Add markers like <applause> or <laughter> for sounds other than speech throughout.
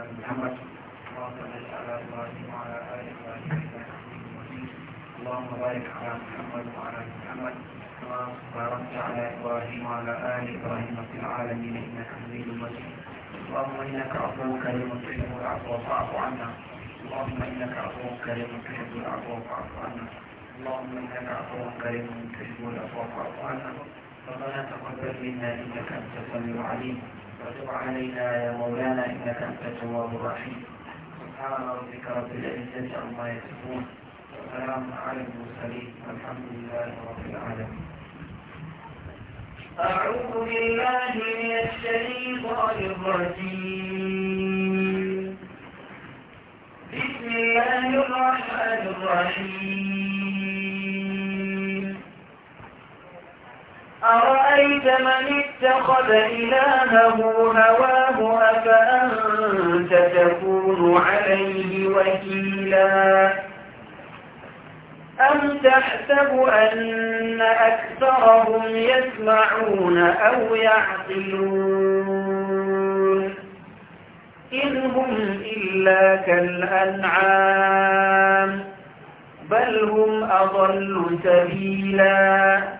اللهم صل على ابراهيم وعلى ال محمد كما باركت على ابراهيم وعلى ال ابراهيم في العالمين انك حميد مجيد اللهم انك عفو كريم تحب العفو فاعف عنا اللهم انك عفو كريم تحب العفو فاعف عنا اللهم انك عفو كريم تحب العفو فاعف عنا ربنا تقبل منا انك انت السميع العليم وتب علينا يا مولانا إنك أنت التواب الرحيم سبحان ربك رب العزة عما يصفون وسلام على المرسلين والحمد لله رب العالمين أعوذ بالله من الشيطان الرجيم بسم الله الرحمن الرحيم أرأيت من اتخذ إلهه هواه أفأنت تكون عليه وكيلا أم تحسب أن أكثرهم يسمعون أو يعقلون إن هم إلا كالأنعام بل هم أضل سبيلاً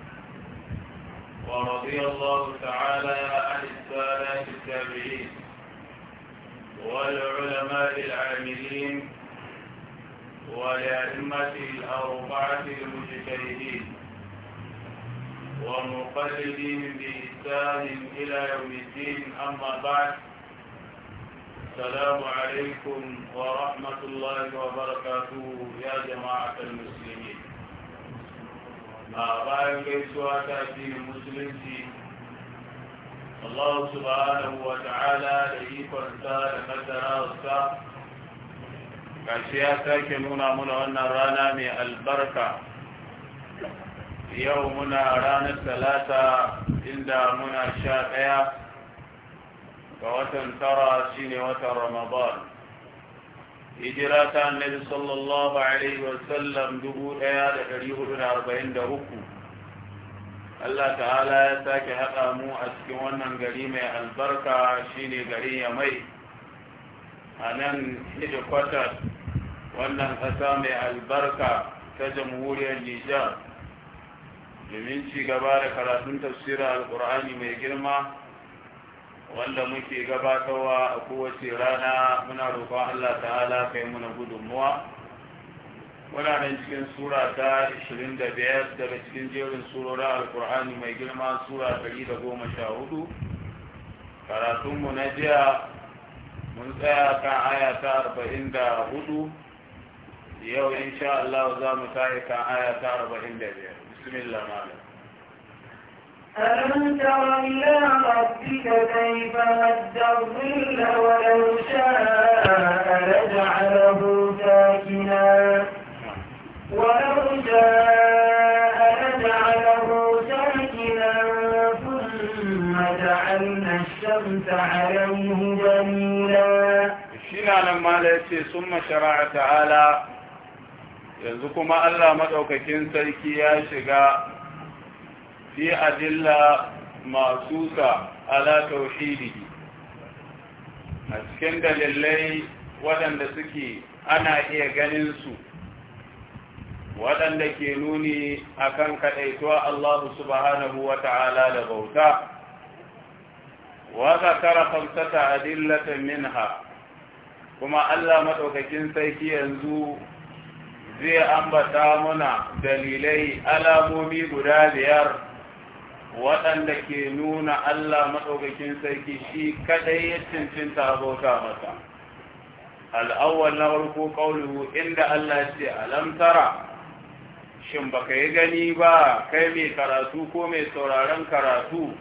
ورضي الله تعالى عن السادات التابعين والعلماء العاملين ولأئمه الأربعة المجتهدين ومقلدين بإحسان إلى يوم الدين أما بعد السلام عليكم ورحمة الله وبركاته يا جماعة المسلمين الله سبحانه وتعالى لئي فرطا لفترى وصا كالسياسة كمونا منهن رانا من البركة يومنا رانا الثلاثة عند منا الشاقية فوتن ترى سين وتر رمضان hijira ta annabi sallallahu alaihi wasallam dubu ɗaya da ɗari hudu da arba'in da uku Allah ta'ala ya sake haɗa mu a cikin wannan gari mai albarka shine garin Yamai a nan kwatar wannan ƙasa mai albarka ta jamhuriyar Nijar domin ci gaba da karatun tafsirar Alƙur'ani mai girma wanda muke gabatarwa a kowace rana muna roƙon Allah ta'ala kai muna gudunmuwa wuraren cikin sura ta 25 daga cikin jerin surorin alkur'ani mai girma sura 114 karatunmu na jiya mun tsaya kan aya ta 44 yau insha Allah za mu tashi kan aya ta 45 bismillah malam ألم تر إلى ربك كيف مد الظل ولو شاء لجعله ساكنا ولو شاء لجعله ساكنا ثم جعلنا الشمس عليه دليلا شنا لما ليس ثم شرع تعالى yanzu kuma Allah maɗaukakin يا ya fi a dilla ala tauhidihi a cikin dalilai waɗanda suke ana iya ganin su waɗanda ke nuni akan kaɗaituwa Allah subhanahu wa ta'ala da bauta waka kara a dillata minha kuma Allah maɗaukakin sarki yanzu zai ambata muna dalilai alamomi guda biyar waɗanda ke nuna Allah maɗaukakin sarki shi kaɗai ya cincinta abota masa. Al'awwal na farko ƙaunuhu inda Allah ce alamtara, shin ba ka yi gani ba kai mai karatu ko mai sauraron karatu,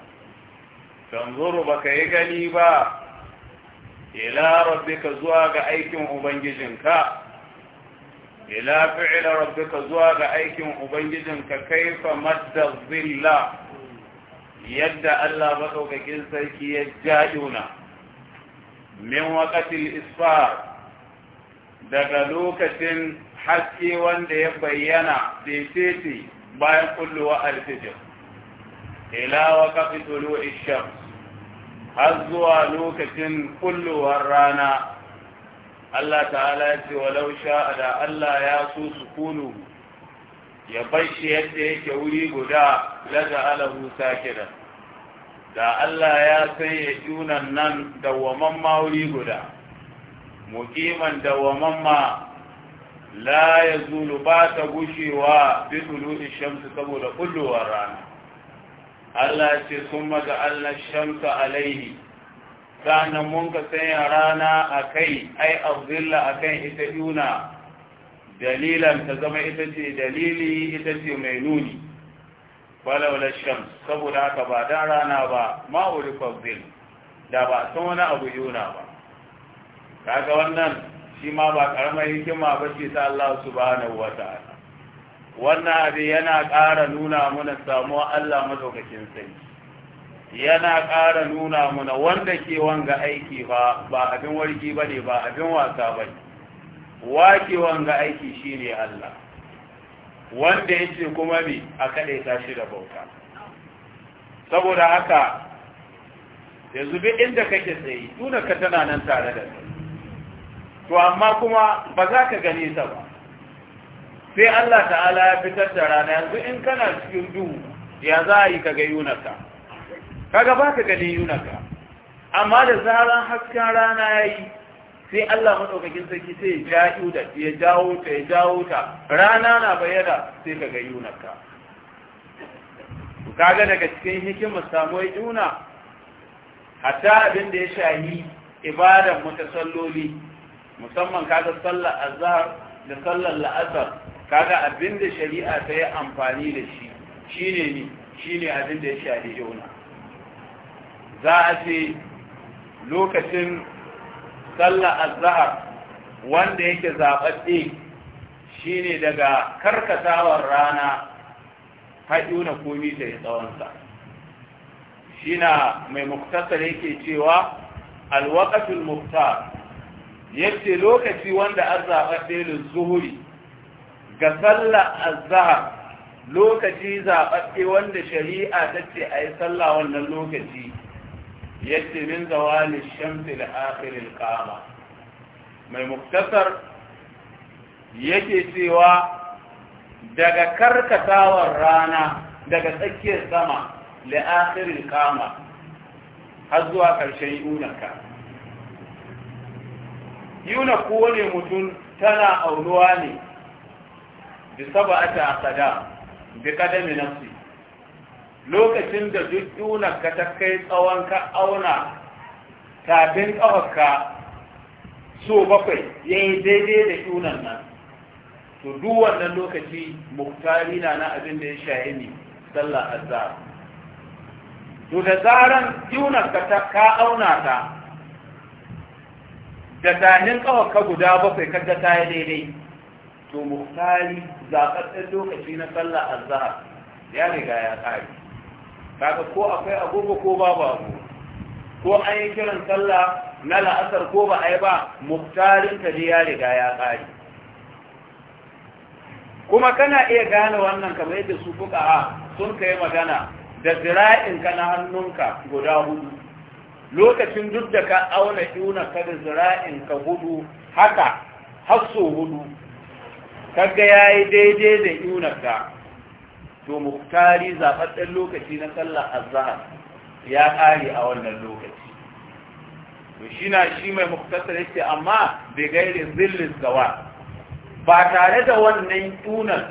tanzuru ba ka yi gani ba, ila ka zuwa ga aikin Ubangijinka, ila fi'ila ka zuwa ga aikin Ubangijinka kaifa madda zilla. yadda Allah maɗaukakin sarki ya jaduna min waƙatil isfar daga lokacin haske wanda ya bayyana daidaitai bayan kulluwa alfijir ila waƙafi tulu har zuwa lokacin kulluwar rana Allah ta'ala ya ce walau sha'a da Allah ya so su kunu ya bashi yadda yake wuri guda laga alahu sakira da Allah ya sanya junan nan da ma mauri guda mukiman dawwaman ma la ya zulu ba ta gushewa bi shamsu saboda kullowar rana Allah ce sun maga Allah shamsu alaihi sa'annan mun ka sanya rana a kai ai abdulla a ita yuna dalilan ta zama ita ce dalili ita ce mai nuni balawla shams saboda haka ba da rana ba ma urifar da ba san wani abu yuna ba kaga wannan shi ma ba karamar hikima ba ce ta Allah subhanahu wa ta'ala wannan abin yana ƙara nuna mana samuwa Allah madaukakin sai yana ƙara nuna mana wanda ke wanga aiki ba ba abin warki ba ba abin wasa bane ne wake wanga aiki shine Allah wanda ya ce kuma bi a kaɗaita shi da bauta saboda haka yanzu zube inda kake tsaye tuna ka tana nan tare da kai to amma kuma ba za ka gani ta ba sai Allah ta'ala ya fitar da rana yanzu in kana cikin duhu ya za a yi ka ga yunaka kaga ba ka gani yunaka amma da zaran hasken rana ya yi sai Allah maɗaukakin sarki sai ya jawo da ya jawo ta ya jawo ta rana na bayyana sai ka ga Ka kaga daga cikin hikimar samuwar yuna hatta abin da ya shahi ibadan mutasalloli musamman kaga sallar azhar da sallar la'asar kaga abin da shari'a ta yi amfani da shi shine ne shine abin da ya shahi yuna za a ce lokacin sallar azhar wanda yake zaɓaɓɓe shine daga karkatawar rana haɗu na komi ta yi tsawonsa shi na mai muktasar yake cewa alwakatul muktar yace lokaci wanda an zaɓa zuhuri ga Salla azhar lokaci zaɓaɓɓe wanda shari'a ta ce a yi sallah wannan lokaci yace min zawali shamsi da akhirin kama mai muktasar yake cewa daga karkatawar rana daga tsakiyar sama da akhirin kama har zuwa ƙarshen yunaka yuna kowane mutum tana aunuwa ne bi saba ta asada bi kadami nafsi lokacin da duk dunarka ta kai tsawon ka auna tafin ƙafarka so bakwai ya yi daidai da dunan nan to duk wannan lokaci muktari na na abin da ya shaye ne sallah azza to da zaran dunarka ta ka auna ta da tafin ƙafarka guda bakwai kada ta yi daidai to muktari zaɓaɓɓen lokaci na sallah azza ya riga ya ƙare kaga ko akwai agogo ko babu abu, ko an yi kiran sallah na la'asar ko ba a yi ba muktarin ta ya riga ya ƙari kuma kana iya gane wannan kamar yadda su a sun kai magana da ka na hannunka guda hudu lokacin duk da ka auna yuna ka da ka hudu haka hasso hudu kaga yayi daidai da yunarka to muktari ɗan lokaci na sallar azahar ya ƙare a wannan lokaci to shi na shi mai muktasar yake amma bai gairin zillin gawa ba tare da wannan tunan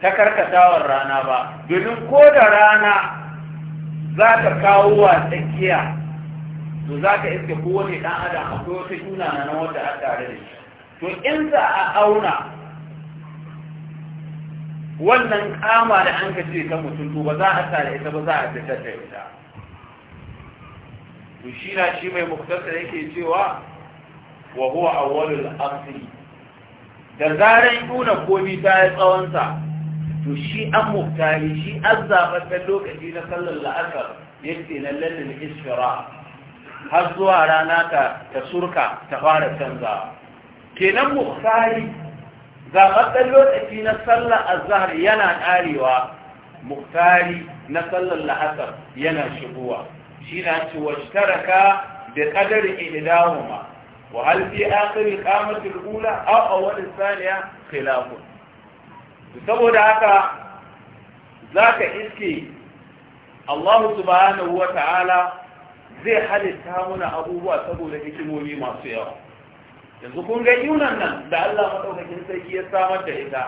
ta karkatawar rana ba domin ko da rana za ka kawo wa tsakiya to za ka iske kowane ɗan adam akwai wata tuna na wanda a tare da shi to in za a auna wannan kama da an ka ce ta mutum ba za a sa da ita ba za a fitar da ita to shi na shi mai muktasar yake cewa wa huwa awwalul asli da zaran kuna komi ta yi tsawon sa to shi an muktari shi an ta lokaci na sallar la'akar yake na lallin Isfira. har zuwa rana ta surka ta fara canza kenan muktari zaɓaɓɓen lokaci na sallar azhar yana ƙarewa muktari na sallar la'asar yana shigowa shi na ce wa da ƙadari ihdahuma wa hal fi akhir qamatil a aw saniya thaniya saboda haka zaka iske allahu subhanahu wa ta'ala zai halitta muna abubuwa saboda hikimomi masu yawa yanzu kun ga yunan nan da Allah madaukakin sarki ya samar da ita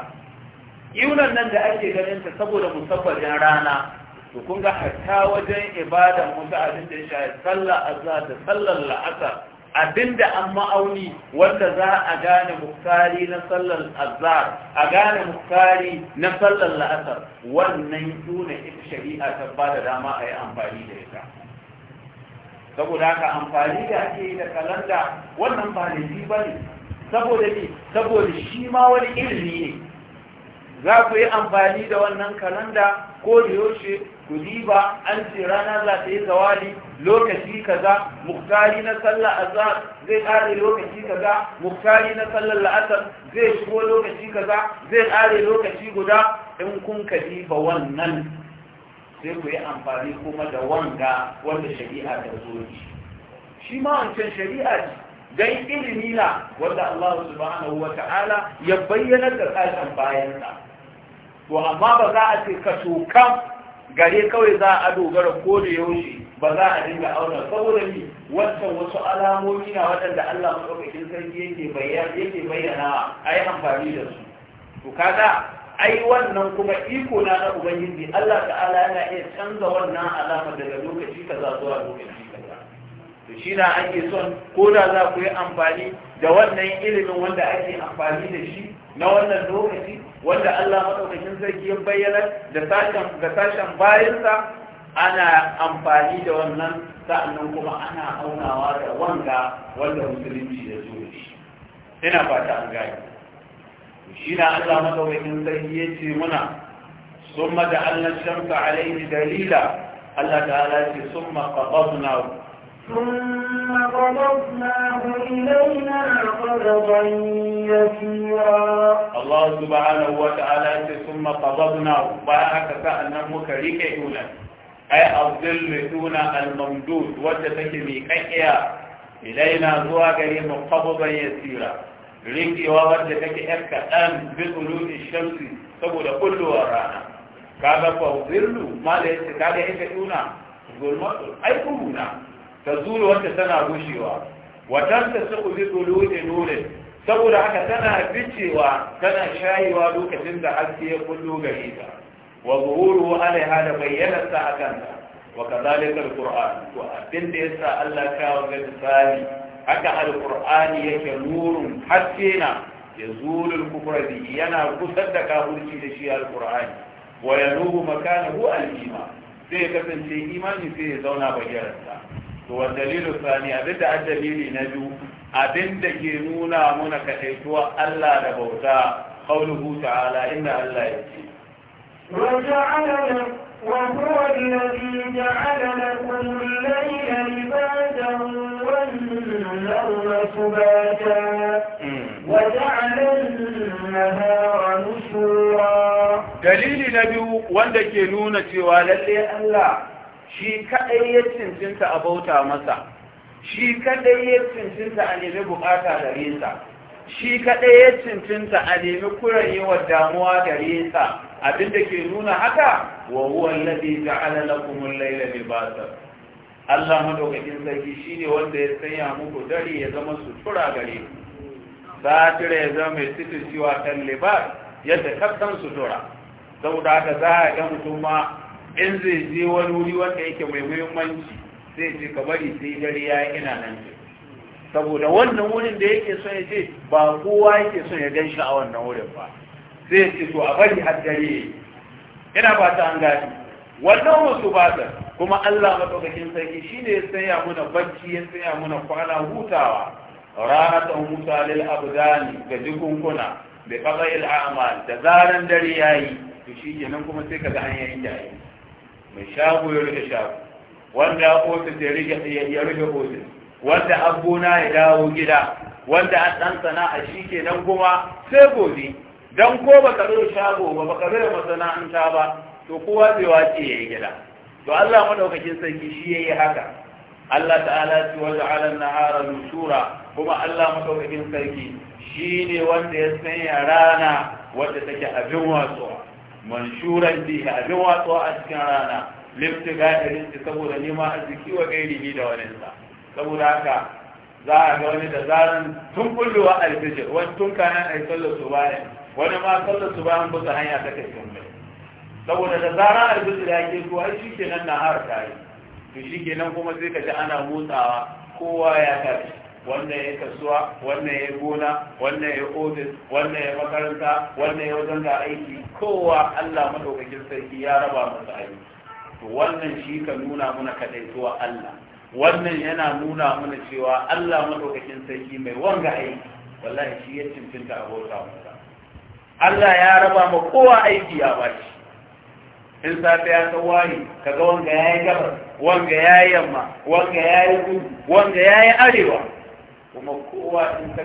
yunan nan da ake ganin ta saboda musabbabin rana to kun ga hatta wajen ibada musa abin da ya sallar azza da sallar la'asar abinda an ma'auni wanda za a gane muktari na sallar azhar a gane muktari na sallar la'asar wannan tuna ita shari'a ta ba da dama a yi amfani da ita saboda haka amfani da ake yi da kalanda wannan ba shi ba ne saboda ne saboda shi ma wani ilimi ne za ku yi amfani da wannan kalanda ko da yaushe ku diba an ce rana za ta yi zawali lokaci kaza muktari na sallar azhar zai kare lokaci kaza muktari na sallar la'asar zai shigo lokaci kaza zai kare lokaci guda in kun ka diba wannan sai ku yi amfani kuma da wanga wanda shari'a ta zo shi shi ma wancan shari'a ce dai ilimi na wanda Allah subhanahu wa ta'ala ya bayyana da tsarin bayansa to amma ba za a ce ka tokan gare kawai za a dogara ko da yaushe ba za a dinga auna saboda ni wancan wasu alamomi na waɗanda Allah maɗaukakin sarki yake bayyana yake bayyana a yi amfani da su to kaga ai wannan kuma iko na na ubangiji Allah ta'ala yana iya canza wannan alama daga lokaci kaza zuwa lokaci kaza to shi na ake son ko da za ku yi amfani da wannan ilimin wanda ake amfani da shi na wannan lokaci wanda Allah madaukakin sarki ya bayyana da sashen da sashen bayansa ana amfani da wannan sa'annan kuma ana aunawa da wanga wanda musulunci ya zo da shi ina fata an gani shi na Allah makawai sai ya ce muna sun ma da Allah shamfa a laifin dalila Allah ta halarci sun ma ƙaƙasu na wu. Allah subhanahu wa ta'ala ce sun ma ƙaƙasu na wu ba haka sa’an muka riƙe nuna, ai, abdul mutuna al-mamdud wadda take mai ƙaƙiya ilaina zuwa gare mu ƙaƙasun yasira. rikewa wadda take yar kaɗan bin ulumi shamsi saboda kullowar rana kaga fa zirlu ma da yace kaga ita tuna zulma ai kuna ta zuru wadda tana gushewa watan ta su bi ulumi nure saboda haka tana bicewa tana shayewa lokacin da haske ya kullo gare ta wa zuhuru alaiha da bayyana sa akan ta wa kadalika alquran to abin da yasa Allah ka wa ga haka Alƙur'ani yake nurun haskena yazulu al-kufra bi yana kusar da kafirci da shi Alƙur'ani. wa yanubu makanahu al-iman sai kasance imani sai ya zauna bayyanarsa to wa dalilu sani abinda addalili na biyu abinda ke nuna muna kadaituwa Allah da bauta qauluhu ta'ala inna Allah yake وجعل وهو الذي جعل لكم الليل لباسا والنوم سباتا وجعل النهار نشورا دليل نبي wanda ke nuna cewa lalle Allah shi kadai ya cincinta a bauta masa shi kadai ya cincinta a nemi bukata gare sa shi kadai ya cincinta a nemi kurayewar damuwa gare sa Abinda ke nuna haka wa huwa alladhi ja'ala lakum al-layla libasa Allah madaukakin sarki shine wanda ya sanya muku dare ya zama sutura gare ku satira ya zama mai sutura kan libas yadda kaftan sutura saboda haka za a ga mutum ma in zai je wani wuri wanda yake mai muhimmanci sai ce ka bari sai dare ya ina nan ce saboda wannan wurin da yake son ya je ba kowa yake son ya gan shi a wannan wurin ba sai ce to a bari har dare ina ba ta an gani wannan wasu ba ta kuma Allah madaukakin sarki shine ya sanya muna bacci ya sanya muna kwana hutawa ranatan huta lil abdani ga jikunkuna bi qada'il a'mal da zaran dare yayi to shikenan kuma sai kaga an yayin da mai shago ya rike shago wanda ya ofis ya rike ya rike ofis wanda abuna ya dawo gida wanda an dan sana'a shikenan kuma sai gobe don ko ba ka zo shago ba ba ka zo masana'anta ba to kowa zai wace ya yi gida to Allah madaukakin sarki shi ya yi haka Allah ta'ala ci wa ja'ala nahara nushura kuma Allah madaukakin sarki shi ne wanda ya sanya rana wadda take abin watsuwa manshuran bihi abin watsuwa a cikin rana lifti ga'irin saboda nema arziki wa gairihi da sa. saboda haka za a ga wani da zaran tun kullewa alfijir wani tun kanan a yi su bayan wani ma sallar su bayan buga hanya ta kan mai saboda da zara albisir ya ke zuwa shi ke nan na har tare to shi ke kuma sai ka ji ana motsawa kowa ya tafi wannan ya kasuwa wannan ya gona wannan ya ofis wannan ya makaranta wannan ya wajen ga aiki kowa allah madaukakin sarki ya raba masa aiki to wannan shi ka nuna mana kaɗaituwa allah wannan yana nuna mana cewa allah maɗaukakin sarki mai wanga aiki wallahi shi ya cincinta abota mu Allah ya raba ma kowa aiki ya bashi in safe ya san wani kaga wanga yayi gabar wanga yayi yamma wanga yayi kudu wanga yayi arewa kuma kowa in ka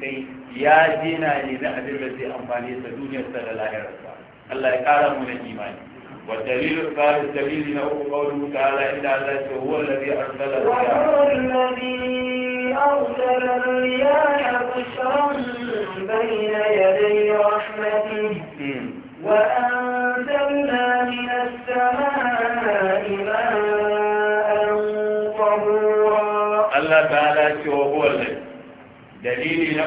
kai ya dina ne da abin da zai amfane sa duniyar sa da lahirarsa Allah ya kara mu na imani والدليل الثالث دليل نوح قوله تعالى الا ذلك هو الذي أرسل وهو الذي أرسل الرياح بشرا بين يدي رحمته وأنزلنا من السماء ماء الله تعالى وهو الذي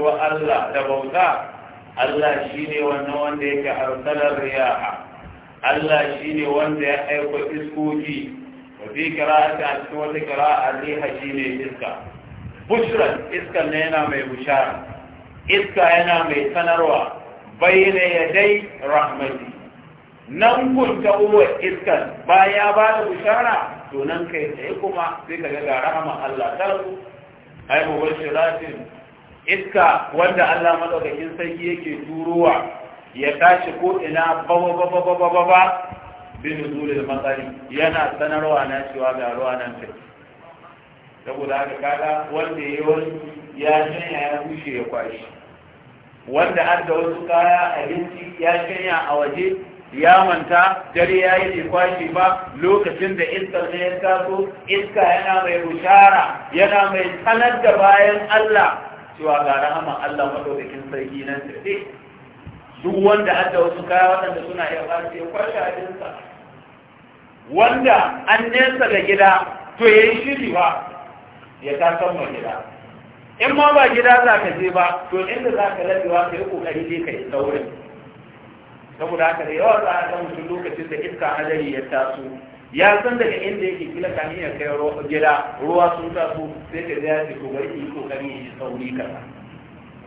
الله تبوتا Allah shi ne wannan wanda yake harsalar riyaha Allah shi ne wanda ya aiko iskoki wa fi kira'ata a cikin wata kira'a riha shi ne iska bushran iska ne yana mai bushara iska yana mai sanarwa bayyana ya dai rahmati nan ta uwa ba baya ba da bushara to nan kai tsaye kuma sai ka ga rahama Allah ta ai mubashiratin iska wanda Allah madaukakin sarki yake turowa ya tashi ko ina ba ba ba baba bin nuzulil matsari yana sanarwa na cewa ga ruwa nan tafi saboda haka kada wanda ya yi ya shanya ya bushe ya kwashi wanda har da wasu kaya abinci ya shanya a waje ya manta dare ya yi ne kwashi ba lokacin da iskar ne ya taso iska yana mai rushara yana mai sanar da bayan Allah cewa ga rahama Allah madaukakin sarki nan tafi duk wanda hadda wasu kaya waɗanda suna iya fara ya kwashe sa. wanda an nesa da gida to ya yi shiri ba ya ta ma gida in ma ba gida za ka je ba to inda za ka labewa ka yi kokari ne kai saurin saboda haka da yawa za a ga mutum lokacin da iska hadari ya taso ya san daga inda yake kila kamin ya kai gida ruwa sun taso sai ka zai ce to bari yi kokari yi sauri kaza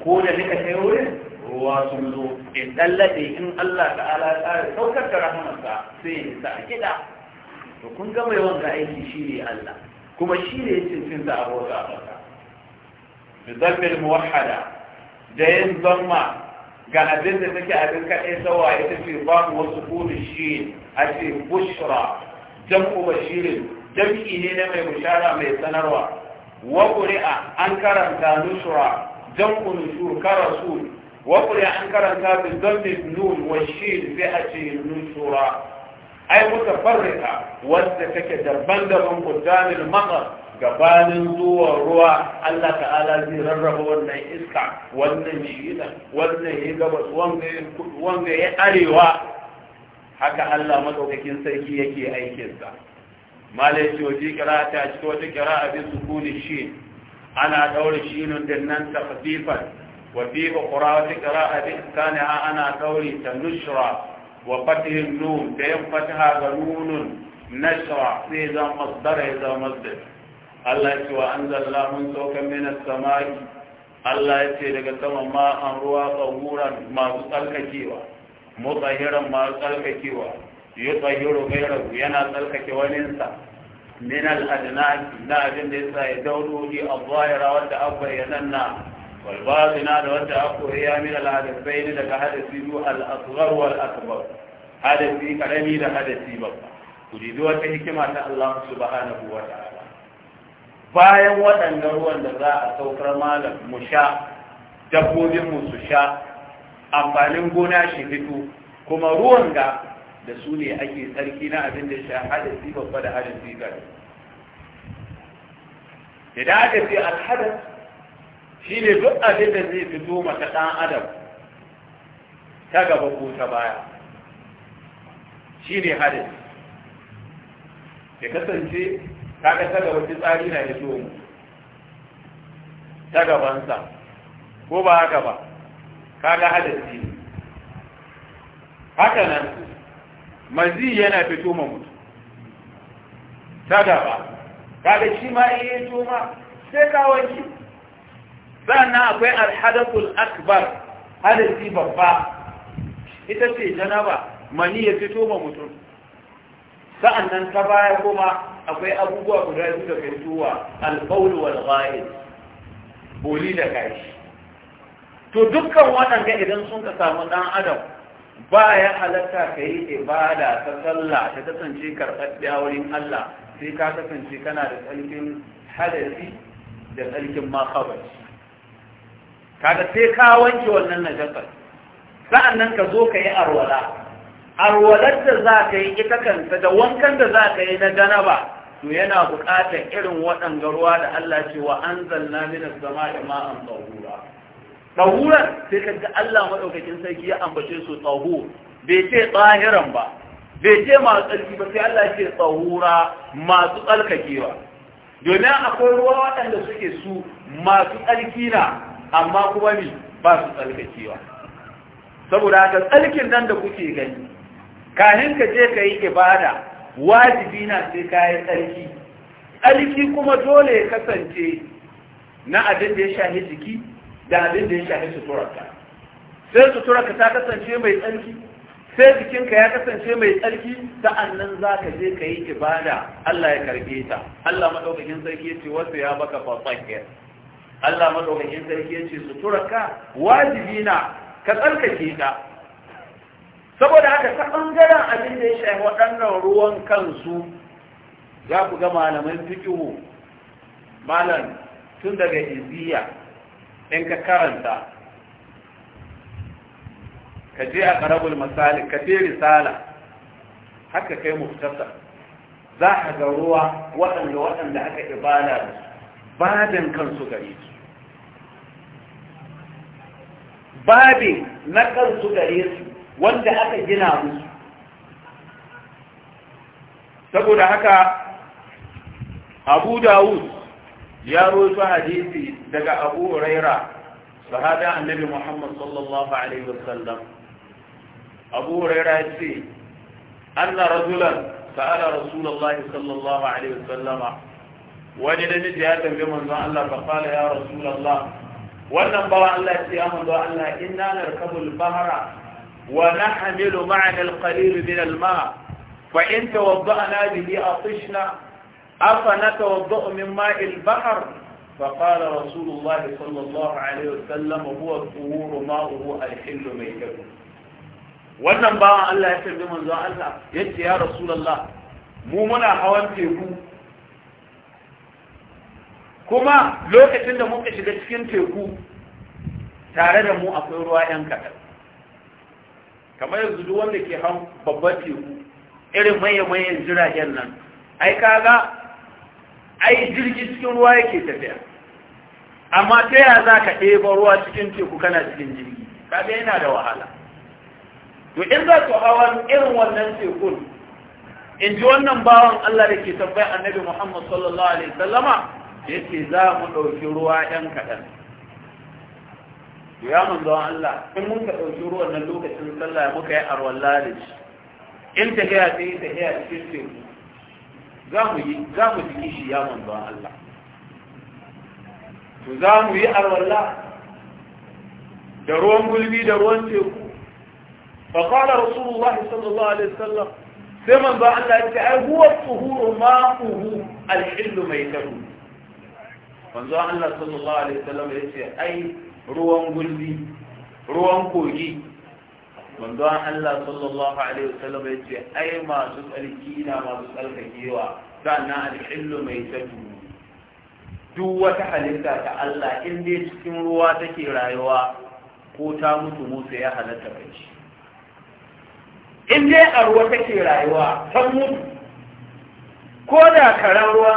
ko da nika kai wurin ruwa sun zo in dallaɗe in Allah ta'ala ya tsara saukar da rahamarsa sai ya sa a gida to kun ga mai wanda aiki shi ne Allah kuma shi ne ya cincin da abota a ƙasa bizarbil muwahhada da yin zamma ga abin da take abin kaɗai sawa ita ce ba mu wasu kuri shi a ce bushra jam'u bashirin jam'i ne na mai bishara mai sanarwa wa qur'a an karanta nusra jam'u nushur karasu wa qur'a an karanta bi dhammi nun wa shin fi ati nusra ai mutafarrika wanda take daban daban qudamil makar gabanin zuwa ruwa Allah ta'ala zai rarraba wannan iska wannan shi wannan ya gabas wanga ya arewa haka Allah madaukakin sarki yake aikinsa malai joji qira'ata a cikin wata qira'a bi sukuni shi ana daura shinun din nan ta fatifa wa fi qira'ati qira'a bi kana ana dauri ta nushra wa fatihin da yan fataha ga nunun nashra sai za masdar ya za masdar Allah ya wa anzalallahu sawkan min as-samai Allah ya ce daga sama ma an ruwa tsawuran masu tsarkakewa mutahiran ma tsarkakewa ya tsahiru gairahu yana tsarkake wani waninsa min al'adinaki na abin da yasa ya daurori a zahira wadda abba ya nanna walbazina da wadda aka ya min al'adisai ne daga hadasi biyu al'asurar wal akbar hadasi karami da hadasi babba ku jidi wata hikima ta Allah subhanahu wa ta'ala bayan waɗannan ruwan da za a saukar malam mu sha dabbobin mu su sha amfanin gona shi fito kuma ruwan ga da su ne ake tsarki na abin da shi hadasi babba da hadasi Da da aka fi alhadas shi ne duk abin da zai fito mata ɗan adam ta gaba ko ta baya shi ne hadasi Da kasance ga ta gaba tsari na zo mu ta gabansa ko ba haka ba kaga hadasi ne haka nan mazi yana fito ma mutum. ta gaba kaga shi ma iya yi ma sai kawai sannan akwai alhadasul akbar hadasi babba ita ce janaba mani ya fito ma mutum sa'annan ta baya kuma akwai abubuwa guda biyu da fitowa alƙaulu wal ghaib boli da kashi to dukkan waɗanda idan sun ka samu ɗan adam ba ya halatta ka yi ibada ta sallah ta kasance karɓaɓɓiya wurin Allah sai ka kasance kana da tsarkin hadasi da tsarkin makabar kaga sai ka wanke wannan najasar sa'an nan ka zo ka yi arwala arwalar da za ka yi ita kanta da wankan da za ka yi na janaba to yana buƙatar irin waɗanga ruwa da Allah ce wa an zanna minas zama ima'an tsahura ɗahuran sai ka ga Allah maɗaukakin sarki ya ambace su tsawo. bai ce tsahiran ba bai ce masu tsarki ba sai Allah ce tsahura masu tsarkakewa domin akwai ruwa waɗanda suke su masu tsarki na amma kuma ni ba su tsarkakewa saboda haka tsarkin nan da kuke gani kahin ka je ka yi ibada wajibi na sai ka yi tsarki tsarki kuma dole kasance na abin da ya shahi jiki da abin da ya shafi suturarka sai suturarka ta kasance mai tsarki sai jikinka ya kasance mai tsarki sa'annan za ka je ka yi ibada Allah ya karbe ta Allah maɗaukakin sarki ya ce wasu ya baka fasakir Allah maɗaukakin sarki ya ce suturarka wajibi na ka tsarkake ta saboda haka ta ɓangaren abin da ya shafi waɗannan ruwan kansu za ku ga malaman fikihu malam tun daga iziya in ka karanta ka je a ƙarabul misali ka je risala haka kai muftasa za a ga ruwa waɗanda waɗanda aka ibada da su babin kansu gare su babin na kansu gare su wanda aka gina musu saboda haka abu dawud ya roto hadisi daga abu huraira sahada annabi muhammad sallallahu alaihi wasallam abu huraira ya ce anna rajulan sa'ala rasulullah sallallahu alaihi wasallama wani da namiji ya tambaye manzon Allah fa qala ya rasulallah. wannan bawa Allah ya ce ya manzon Allah inna narkabul bahra wa nahmilu ma'ana al-qalil min al-ma fa in tawadda'na bihi atishna أفنك والضوء من ماء البحر فقال رسول الله صلى الله عليه وسلم هو الطهور ماؤه الحل ميتكم wannan bawan Allah ya tarbi manzon Allah ya ya Rasulullah mu muna hawan teku kuma lokacin da muka shiga cikin teku tare da mu akwai ruwa yan kaɗan kamar yanzu duk wanda ke hawan babban teku irin maye-mayen jiragen nan ai kaga ai jirgi cikin ruwa yake tafiya amma ta yaya za ka ɗeba ruwa cikin teku kana cikin jirgi kaga yana da wahala to in za su hawa irin wannan tekun in ji wannan bawan Allah da ke tabbai annabi Muhammad sallallahu alaihi sallama ya ce za mu ɗauki ruwa ɗan kaɗan ya manzo Allah in mun ka ɗauki ruwan nan lokacin sallah muka yi arwalla da shi in ta gaya ta yi ta gaya cikin teku za mu yi za ji kishi ya manzo Allah to za mu yi alwala da ruwan gulbi da ruwan teku fa qala rasulullah sallallahu alaihi wasallam sai manzo Allah ya ce ai huwa tuhuru ma'uhu al-hillu maytatu manzo Allah sallallahu alaihi wasallam ya ce ai ruwan gulbi ruwan kogi an Allah sallallahu alaihi wasallam ya ce ai masu tsarki na masu tsarkakewa sannan alhillu mai tafi duk wata halitta ta Allah in dai cikin ruwa take rayuwa ko ta mutu musu ya halatta kai in dai a ruwa take rayuwa ta mutu ko da karan ruwa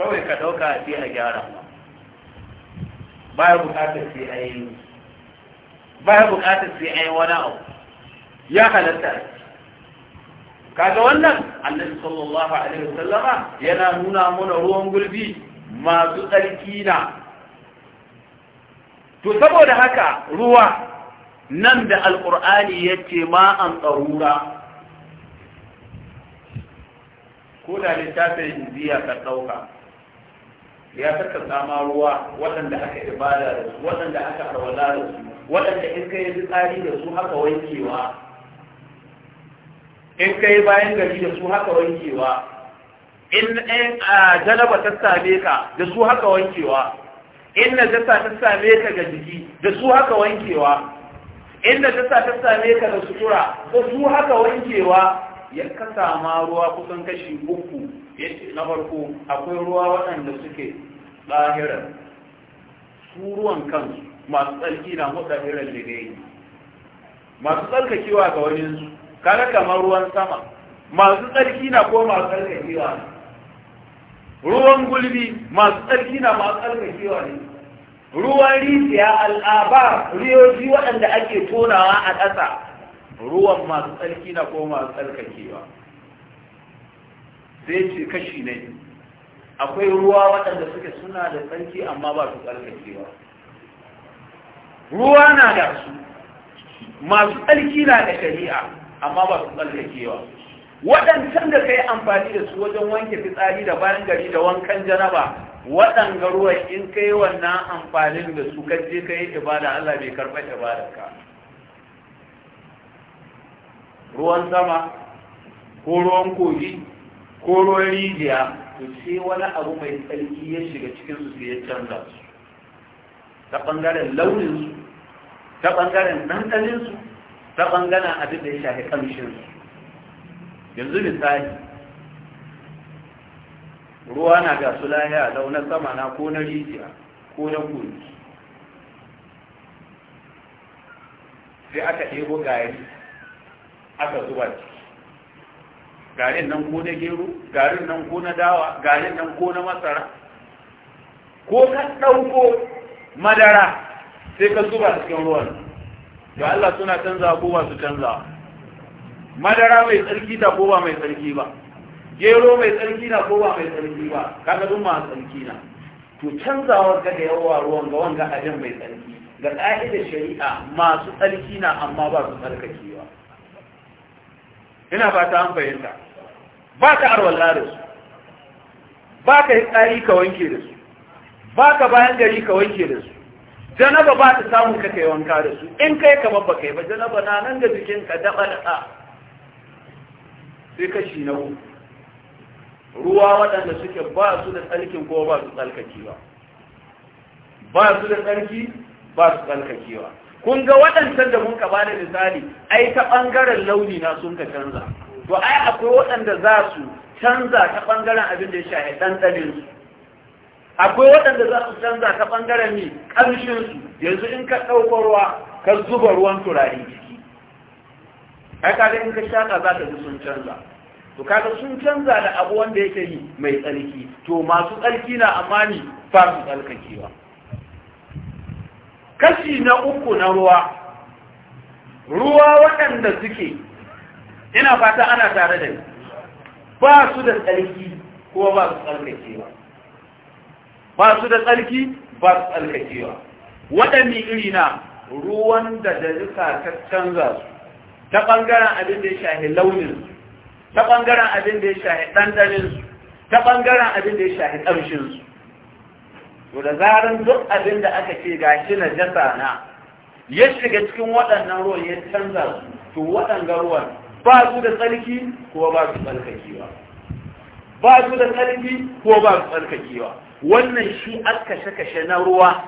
kawai ka ɗauka a a gyara ba ya bukatar sai a yi ba ya bukatar sai a yi wani abu ya halatta kaga wannan annabi sallallahu alaihi wasallama yana nuna mana ruwan gulbi masu tsarki na to saboda haka ruwa nan da ya ce ma an tsarura ko da littafin ziya ka ɗauka. ya saka tsama ruwa waɗanda aka ibada da su waɗanda aka arwala da su waɗanda in ka yi tsari da su haka wankewa in kai bayan gari da su haka wankewa in janaba ta same ka da su haka wankewa in na jasa ta same ka ga jiki da su haka wankewa in na jasa ta same ka da sutura da su haka wankewa ya kasa ma ruwa kusan kashi uku na farko akwai ruwa waɗanda suke ɗahirar su ruwan kansu masu tsarki na mutsahirar da masu tsarkakewa ga waninsu kare kamar ruwan sama masu tsarki na ko masu tsarkakewa ne ruwan gulbi masu tsarki na masu tsarkakewa ne ruwan rijiya al'aba riyoji waɗanda ake tonawa a ƙasa ruwan masu tsarki na ko masu tsarkakewa sai ce kashi ne akwai ruwa waɗanda suke suna da tsarki amma ba su tsarkakewa ruwa na da su masu tsarki na da shari'a amma ba su tsarkakewa waɗancan da ka yi amfani da su wajen wanke fitsari da bayan gari da wankan janaba waɗanga ruwan in ka yi wannan amfanin da su ka je ka yi ibada Allah bai karɓar ibadarka ruwan sama ko ruwan kogi ko ruwan rijiya to sai wani abu mai tsarki ya shiga cikin su sai ya canza su ta ɓangaren launinsu ta ɓangaren ɗanɗaninsu ta ɓangaren abin da ya shafi kamshin yanzu misali ruwa na ga su lahiya a launar sama na ko na rijiya ko na kuri sai aka ɗebo gari aka zuba ciki garin nan ko na gero garin nan ko na dawa garin nan ko na masara ko ka ɗauko madara sai ka zuba cikin ruwan da Allah suna canza ko ba su canza madara mai tsarki ta ko ba mai tsarki ba gero mai tsarki na ko ba mai tsarki ba kaga duk ma tsarki na to canzawar ga da yawa ruwan ga wanga ajin mai tsarki ga ka'idar shari'a masu tsarki na amma ba su ba. ina fata an fahimta ba ka arwalla da su ba ka yi tsari ka wanke da su ba ka bayan gari ka wanke da su janaba ba ta samun ka kai wanka da su in kai ka babba kai ba janaba na nan ga jikin ka daba da ta sai kashi na ku. ruwa waɗanda suke ba su da tsarkin ko ba su tsarkakewa ba su da tsarki ba su tsarkakewa kun ga waɗancan da mun ka ba da misali ai ta ɓangaren launi na sun ka canza to ai akwai waɗanda za su canza ta ɓangaren abin da ya shahi ɗanɗanin akwai waɗanda za su canza ta ɓangaren ne su yanzu in ka ɗauko ruwa ka zuba ruwan turare jiki ai kaga in ka shaƙa za ka ji sun canza to kaga sun canza da abu wanda yake yi mai tsarki to masu tsarki na amma ni ba su tsarkakewa kashi na uku na ruwa ruwa waɗanda suke ina fata ana tare da ni ba su da tsarki kuma ba su tsarkakewa ba su da tsarki ba su tsarkakewa waɗanne iri na ruwan da dazuka ta canza su ta ɓangaren abin da ya shahi launin ta ɓangaren abin da ya shahi ɗanɗanin su ta ɓangaren abin da ya shahi ƙamshin su to da zaran duk abin da aka ce shi na jasa na ya shiga cikin waɗannan ruwan ya canza su to waɗanga ruwan ba su da tsarki kuma ba su tsarkakewa ba su da ƙarfi ko ba su tsarkakewa wannan shi aka kashe na ruwa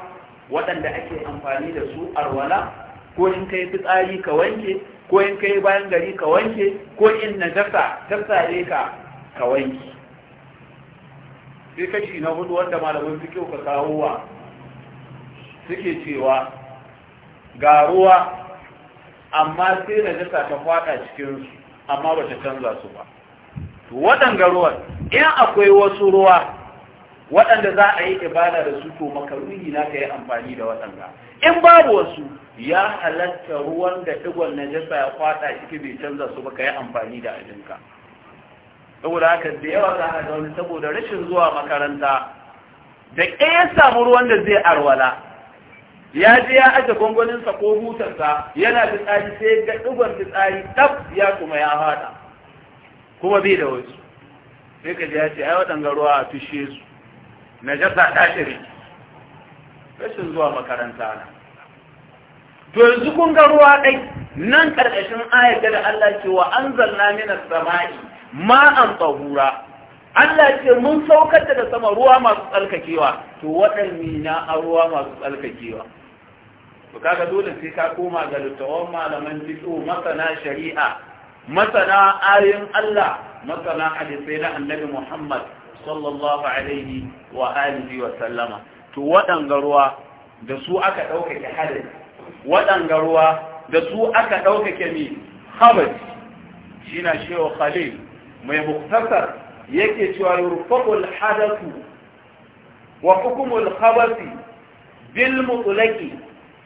waɗanda ake amfani da su arwala ko in kai fitsari ka wanke ko in kai bayan gari ka wanke ko in jasa ta tsare ka ka wanke sai kashi na hudu wanda malamin kyau ka kawo wa suke cewa ga ruwa amma sai na jasa ta fada cikin amma ba ta canza su ba waɗanga ruwan in akwai wasu ruwa waɗanda za a yi ibada da su to makaruni na ka yi amfani da waɗanga in babu wasu ya halatta ruwan da ɗigon najasa ya kwaɗa ciki bai canza su ba ka yi amfani da abinka saboda haka da yawa za a zaune saboda rashin zuwa makaranta da ƙin ya samu ruwan da zai arwala ya je ya aje gwangwaninsa ko hutarsa yana fitsari sai ga ɗigon fitsari tab ya kuma ya haɗa kuma bai da wasu sai ka ji ya ce ai waɗanga ruwa a fishe su na jasa ta shiri rashin zuwa makaranta na to yanzu kun ga ruwa ɗai nan ƙarƙashin ayata da Allah ce wa an zanna mina sama'i ma'an tsahura Allah ce mun saukar da sama ruwa masu tsalkakewa to waɗanne na a ruwa masu tsalkakewa to kaga dole sai ka koma ga littawan malaman fito masana shari'a masana ayoyin Allah masana hadisai na annabi Muhammad sallallahu alaihi wa alihi wa sallama to waɗanga ruwa da su aka ɗaukake hadis waɗanga da su aka mi khabar shi na khalil mai muktasar yake cewa yurfaqul hadathu wa hukumul khabasi bil mutlaqi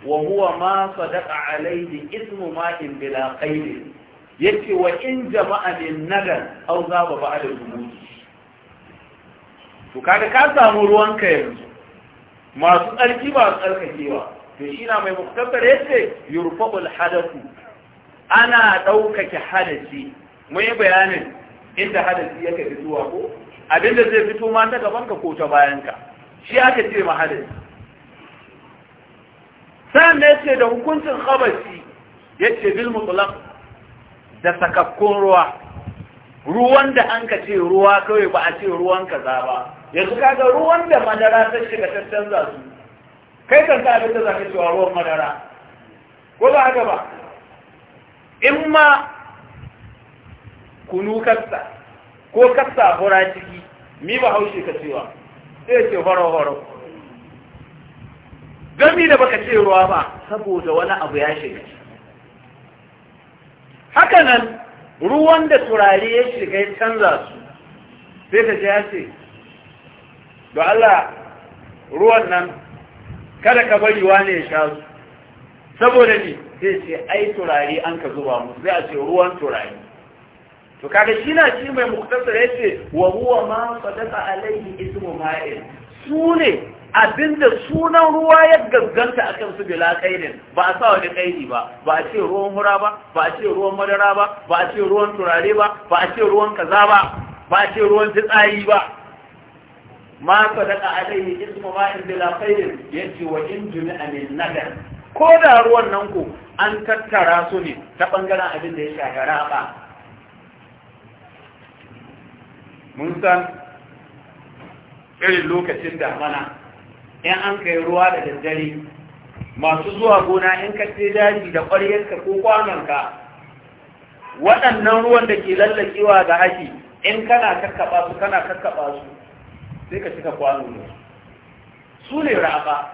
wa huwa ma sadaqa alayhi ismu ma'in bila qaydin yake wa in jama'a ne nadan au za ba ba'a da zubuti to kaga ka samu ruwanka yanzu masu tsarki ba su tsarkakewa to shi na mai muktabbar yace yurfa'ul hadathu ana ɗaukake hadasi mun yi bayanin inda hadasi yake fitowa ko abinda zai fito ma ta gabanka ko ta bayanka. ka shi aka ce ma hadasi sannan yace da hukuncin khabasi yace bil mutlaq da sakakkun ruwa ruwan da an ka ce ruwa kawai ba a ce ruwan kaza ba yanzu kaga ruwan da madara ta shiga ta canza su kai kan ta abin da za ka cewa ruwan madara ko ba haka ba in ma kunu kasta ko kasta fura ciki mi ba haushe ka cewa sai ce horo-horo gami da baka ce ruwa ba saboda wani abu ya shiga hakanan ruwan da turare ya shiga ya canza su sai ta ya ce da Allah ruwan nan kada ka bari wane ya sha su saboda ne sai ce ai turare an ka zuba mu sai a ce ruwan turare to kaga shi na shi mai muktasar ya ce wa huwa ma sadaqa alaihi ismu ma'il su ne abinda sunan ruwa ya gagganta a kan su bila kainin ba a sa wani kaini ba ba a ce ruwan hura ba ba a ce ruwan madara ba ba a ce ruwan turare ba ba a ce ruwan kaza ba ba a ce ruwan fitsari ba ma ka daga alaihi ismu ma in bila kainin ya wa in a min nagar ko da ruwan nan ko an tattara su ne ta bangaren abin da ya shahara raba mun san irin lokacin da mana. in an kai ruwa da daddare masu zuwa gona in ka ce daji da ƙwaryarka ko kwanonka waɗannan ruwan da ke lallakewa ga haki in kana kakkaɓa su kana kakkaɓa su sai ka cika kwano ne su ne raba.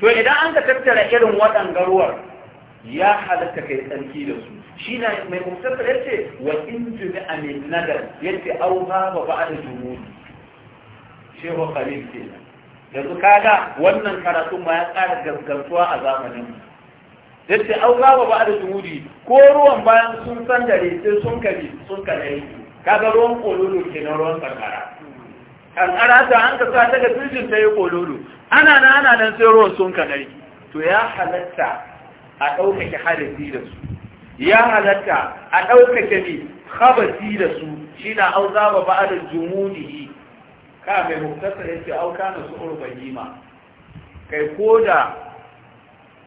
to idan an ka tattara irin waɗanga ruwan ya halatta kai tsarki da su shi na mai musafir ya ce wa in jumi a mai nadar yadda auha ba ba a da jumuni shehu khalil kenan yanzu kaga wannan karatun ma ya ƙara gaskantuwa a zamanin da ce an raba ba da juhudi ko ruwan bayan sun san dare sai sun kare sun kadai kaga ruwan kololo ke na ruwan kankara kankara ta an ka sa daga firjin ta yi kololo ana na ana nan sai ruwan sun kadai to ya halatta a ɗaukake hadasi da su ya halatta a ɗaukake ne habasi da su shi na an raba ba da jumudi ka mai muktasar auka na su urban bahima kai ko da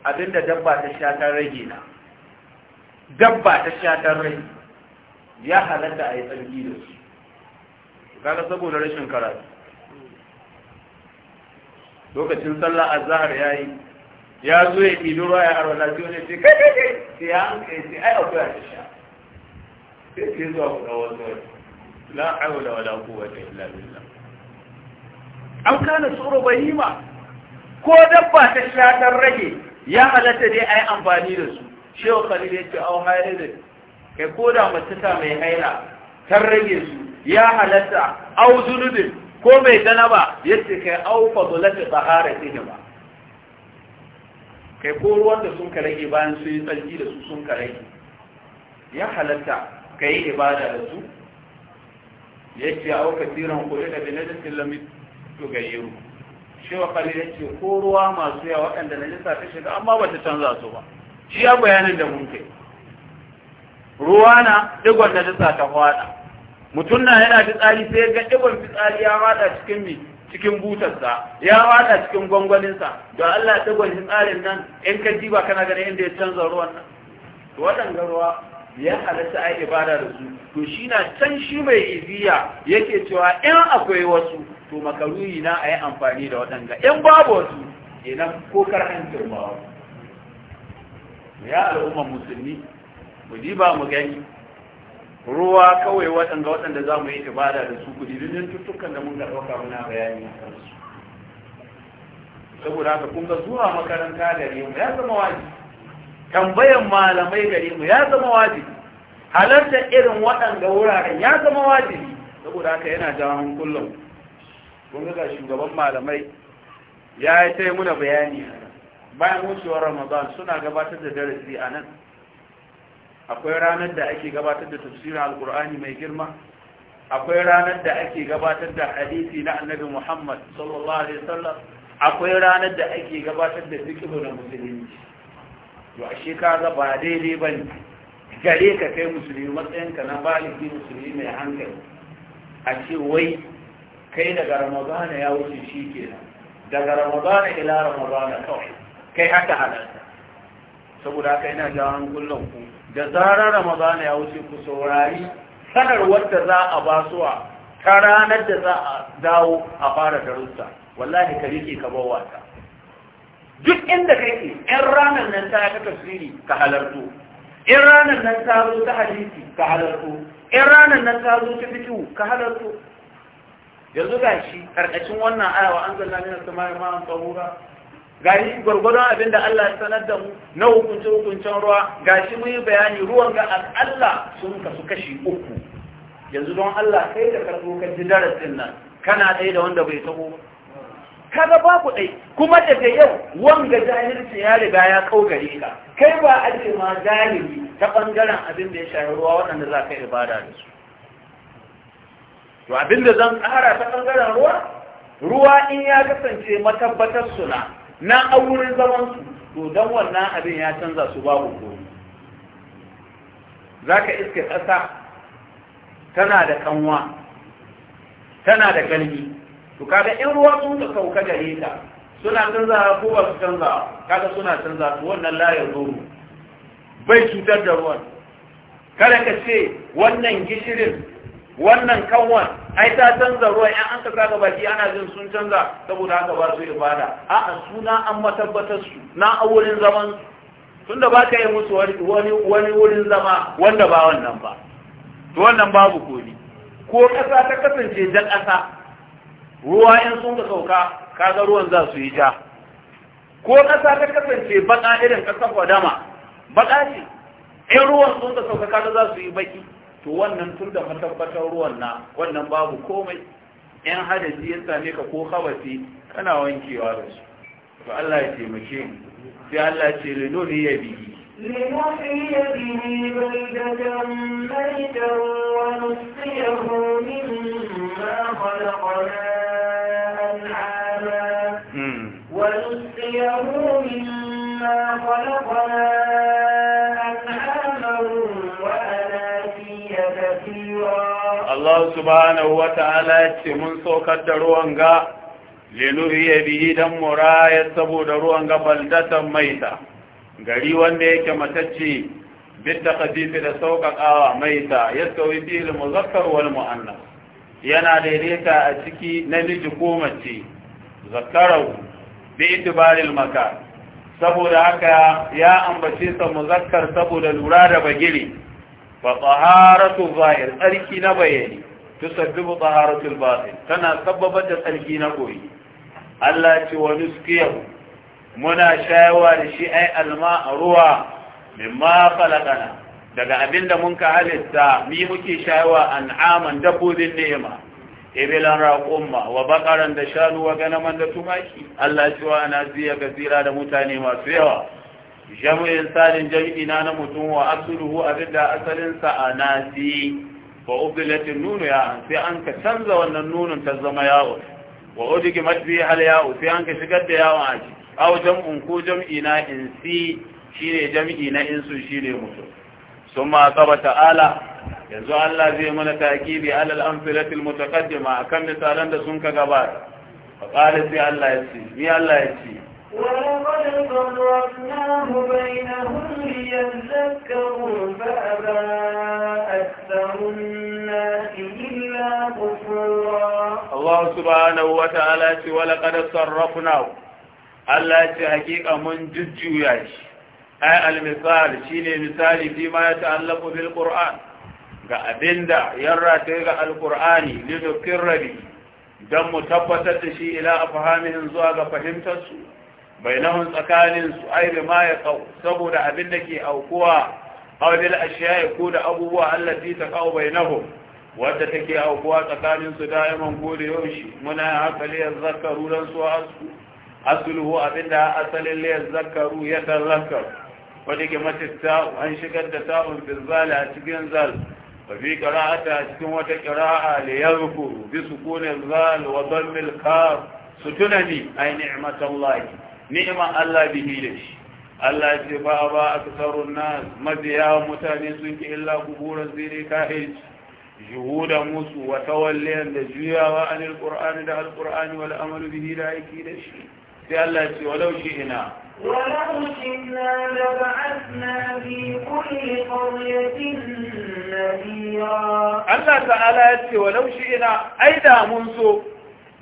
abinda dabba ta sha ta rage na dabba ta sha ta rage ya halatta a yi tsarki da su kaga saboda rashin karatu lokacin sallah azhar yayi ya zo ya ɗido ruwa ya harwa sai wani ce kai kai kai sai ya an kai sai ai akwai a sha sai ke zuwa kuɗa wasu wani la da wala ta illa billah an kana tsoro bahima ko dabba ta sha rage ya halatta dai a yi amfani da su shehu khalil ya ce au da kai ko da mace ta mai haina ta rage su ya halatta au zunubin ko mai ya yace kai au fadlati taharatihi ba kai ko ruwan da sun karage bayan sun yi tsarki da su sun karage ya halatta ka yi ibada da su yake auka tsiran kuɗi da binajin lamit tugayyaru kare ya ce ko ruwa masu yawa waɗanda na jisa ta shiga amma ba ta canza su ba shi ya bayanin da mun kai ruwa na digon jisa ta hwada mutum na yana fitsari sai ga digon fitsari ya hwada cikin mi cikin butarsa ya hwada cikin gwangwaninsa da Allah digon fitsarin nan in ka ji ba kana ganin inda ya canza ruwan nan to waɗanda ruwa ya halatta ai ibada da su to shi na can shi mai iziya yake cewa in akwai wasu to makaruyi na a yi amfani da waɗanda in babu wasu kenan ko karhan turbawa ya al'ummar musulmi mu diba mu gani ruwa kawai waɗanda waɗanda za mu yi ibada da su kudi dukkan tuttukan da mun ga ɗauka muna bayani a saboda haka kun ga zuwa makaranta da mu ya zama wajibi tambayan malamai gare mu ya zama wajibi halartar irin waɗanda wuraren ya zama wajibi saboda haka yana jawo hankulan kun ga shugaban malamai ya yi ta muna bayani bayan wucewar ramadan suna gabatar da darasi a nan akwai ranar da ake gabatar da tafsirin alkur'ani mai girma akwai ranar da ake gabatar da hadisi na annabi muhammad sallallahu alaihi wasallam akwai ranar da ake gabatar da fikihu na musulunci to ashe ka ga ba daidai ba ne gare ka kai musulmi matsayinka na baliki musulmi mai hankali a ce wai kai daga ramadana ya wuce shi kenan daga ramadana ila ramadana kawai kai haka halarta saboda haka yana jawo hankulan ku da zarar ramadana ya wuce ku saurari sanar wadda za a basuwa ta ranar da za a dawo a fara darussa wallahi ka rike ka bawa ta duk inda kake in ranar nan ta ta tafsiri ka halarto in ranar nan ta zo ta hadisi ka halarto in ranar nan ta zo ta fikihu ka halarto yanzu ga shi karkashin wannan ayawa an zalla min samai ma an tsahura gashi gurgurdan abin da Allah ya sanar da mu na hukunci hukuncin ruwa gashi mun yi bayani ruwan ga Allah sun kasu kashi uku yanzu don Allah kai da karɓo ka ji darasin nan kana ɗaya da wanda bai taho ba ga babu ɗai kuma daga yau wanga jahilci ya riga ya gare ka kai ba alke ma jahili ta ɓangaren abin da ya shafi ruwa waɗanda za ka ibada da su to abin da zan ƙara ta ɓangaren ruwa ruwa in ya kasance matabbatar suna na a zaman su to don wannan abin ya canza su babu ko za ka iske ƙasa tana da kanwa tana da galibi to kaga in ruwa sun ka sauka gare ta suna canza ko ba su canza kaga suna canza to wannan la ya zo bai cutar da ruwan kada ka ce wannan gishirin wannan kanwan ai ta canza ruwan in an ka saka baki ana jin sun canza saboda haka ba su ibada a'a suna an matabbatar su na a wurin zaman tunda ba ka yi musu wani wani wurin zama wanda ba wannan ba to wannan babu koli ko ƙasa ta kasance jan ƙasa ruwa in sun ka sauka kaga ruwan za su yi ja ko ƙasa ta kasance baƙa irin ƙasar wadama baƙa ce in ruwan sun ka sauka kaga za su yi baƙi to wannan tun da matabbatar ruwan na wannan babu komai in hadisi ya same ka ko kawasi kana wankewa da su to Allah ya taimake mu sai Allah ce ne ya bi لنحيي به بلدة ميتا ونسقيه مما خلقنا Allah subhanahu wa ta’ala ya ce mun saukar da ruwan ga lenuri ya biyi don muraya saboda ruwan ga baldatan maita gari wanda yake matacci bitta kajifi da saukakawa maita ya sauyi fili muzakkar wani mu'annan yana daidaita a ciki na miji mace zakkararwa bi itibaril makan saboda haka ya ambace sa muzakkar saboda lura da bagiri fa taharatu zahir tsarki na bayani tusabbibu taharatul batin tana sabbaba da tsarki na koyi Allah ce wa nuskiyahu muna shayawa da shi ai alma ruwa mimma khalaqana daga abinda mun ka halitta mi muke shayarwa an'aman dabbobin ni'ima ibilan raƙumma wa bakaran da shanu wa ganaman da tumaki Allah cewa ana ziya ga zira da mutane masu yawa jam'in salin jam'ina na mutum wa asluhu abinda asalin sa anasi wa ubilatin nunu ya an sai an ka canza wannan nunin ta zama yawo wa udigi matbi hal yawo sai an ka shigar da yawon a ciki aw jam'un ko jam'ina insi shine jam'i na insu shine mutum summa qaba ta'ala yanzu Allah zai mana takibi alal amfilatil mutaqaddima akan misalan da sun ka gaba fa qala sai Allah ya ce ni Allah ya ce ولقد صرفناه بينهم ليذكروا فأبى أكثر الناس إلا Allah ce hakika mun jujjuya shi ai al misali shine misali fi ma ya ta'allaqu bil qur'an ga abinda yarra ta ga alkur'ani lidokin rabi don mu tabbatar da shi ila a fahamihin zuwa ga fahimtarsu bai nahun tsakaninsu aibe ma ya kau saboda abin da ke aukuwa haudil ashiya ko da abubuwa allafi ta kau bai nahun wadda take aukuwa tsakaninsu da'iman ko da yaushe muna hankali ya zakaru don su asku asuluhu abinda asalin ya zakaru ya tazakaru wadda ke matatta an shigar da ta'un birzali a cikin zal وفي قراءة أتكم وتقراءة ليذكر بسكون الظال وضم الكاف ستنني أي نعمة الله نعمة الله به لش الله يتبابا أكثر الناس مذيا متانسون إلا قبور الزير كاهج جهود موسو وتولي أن تجويا وأن القرآن دع القرآن والأمل به لا يكيد شيء الله ولو شئنا ولو شئنا لبعثنا في كل قرية نذيرا الله تعالى يتي ولو شئنا أيضا منذ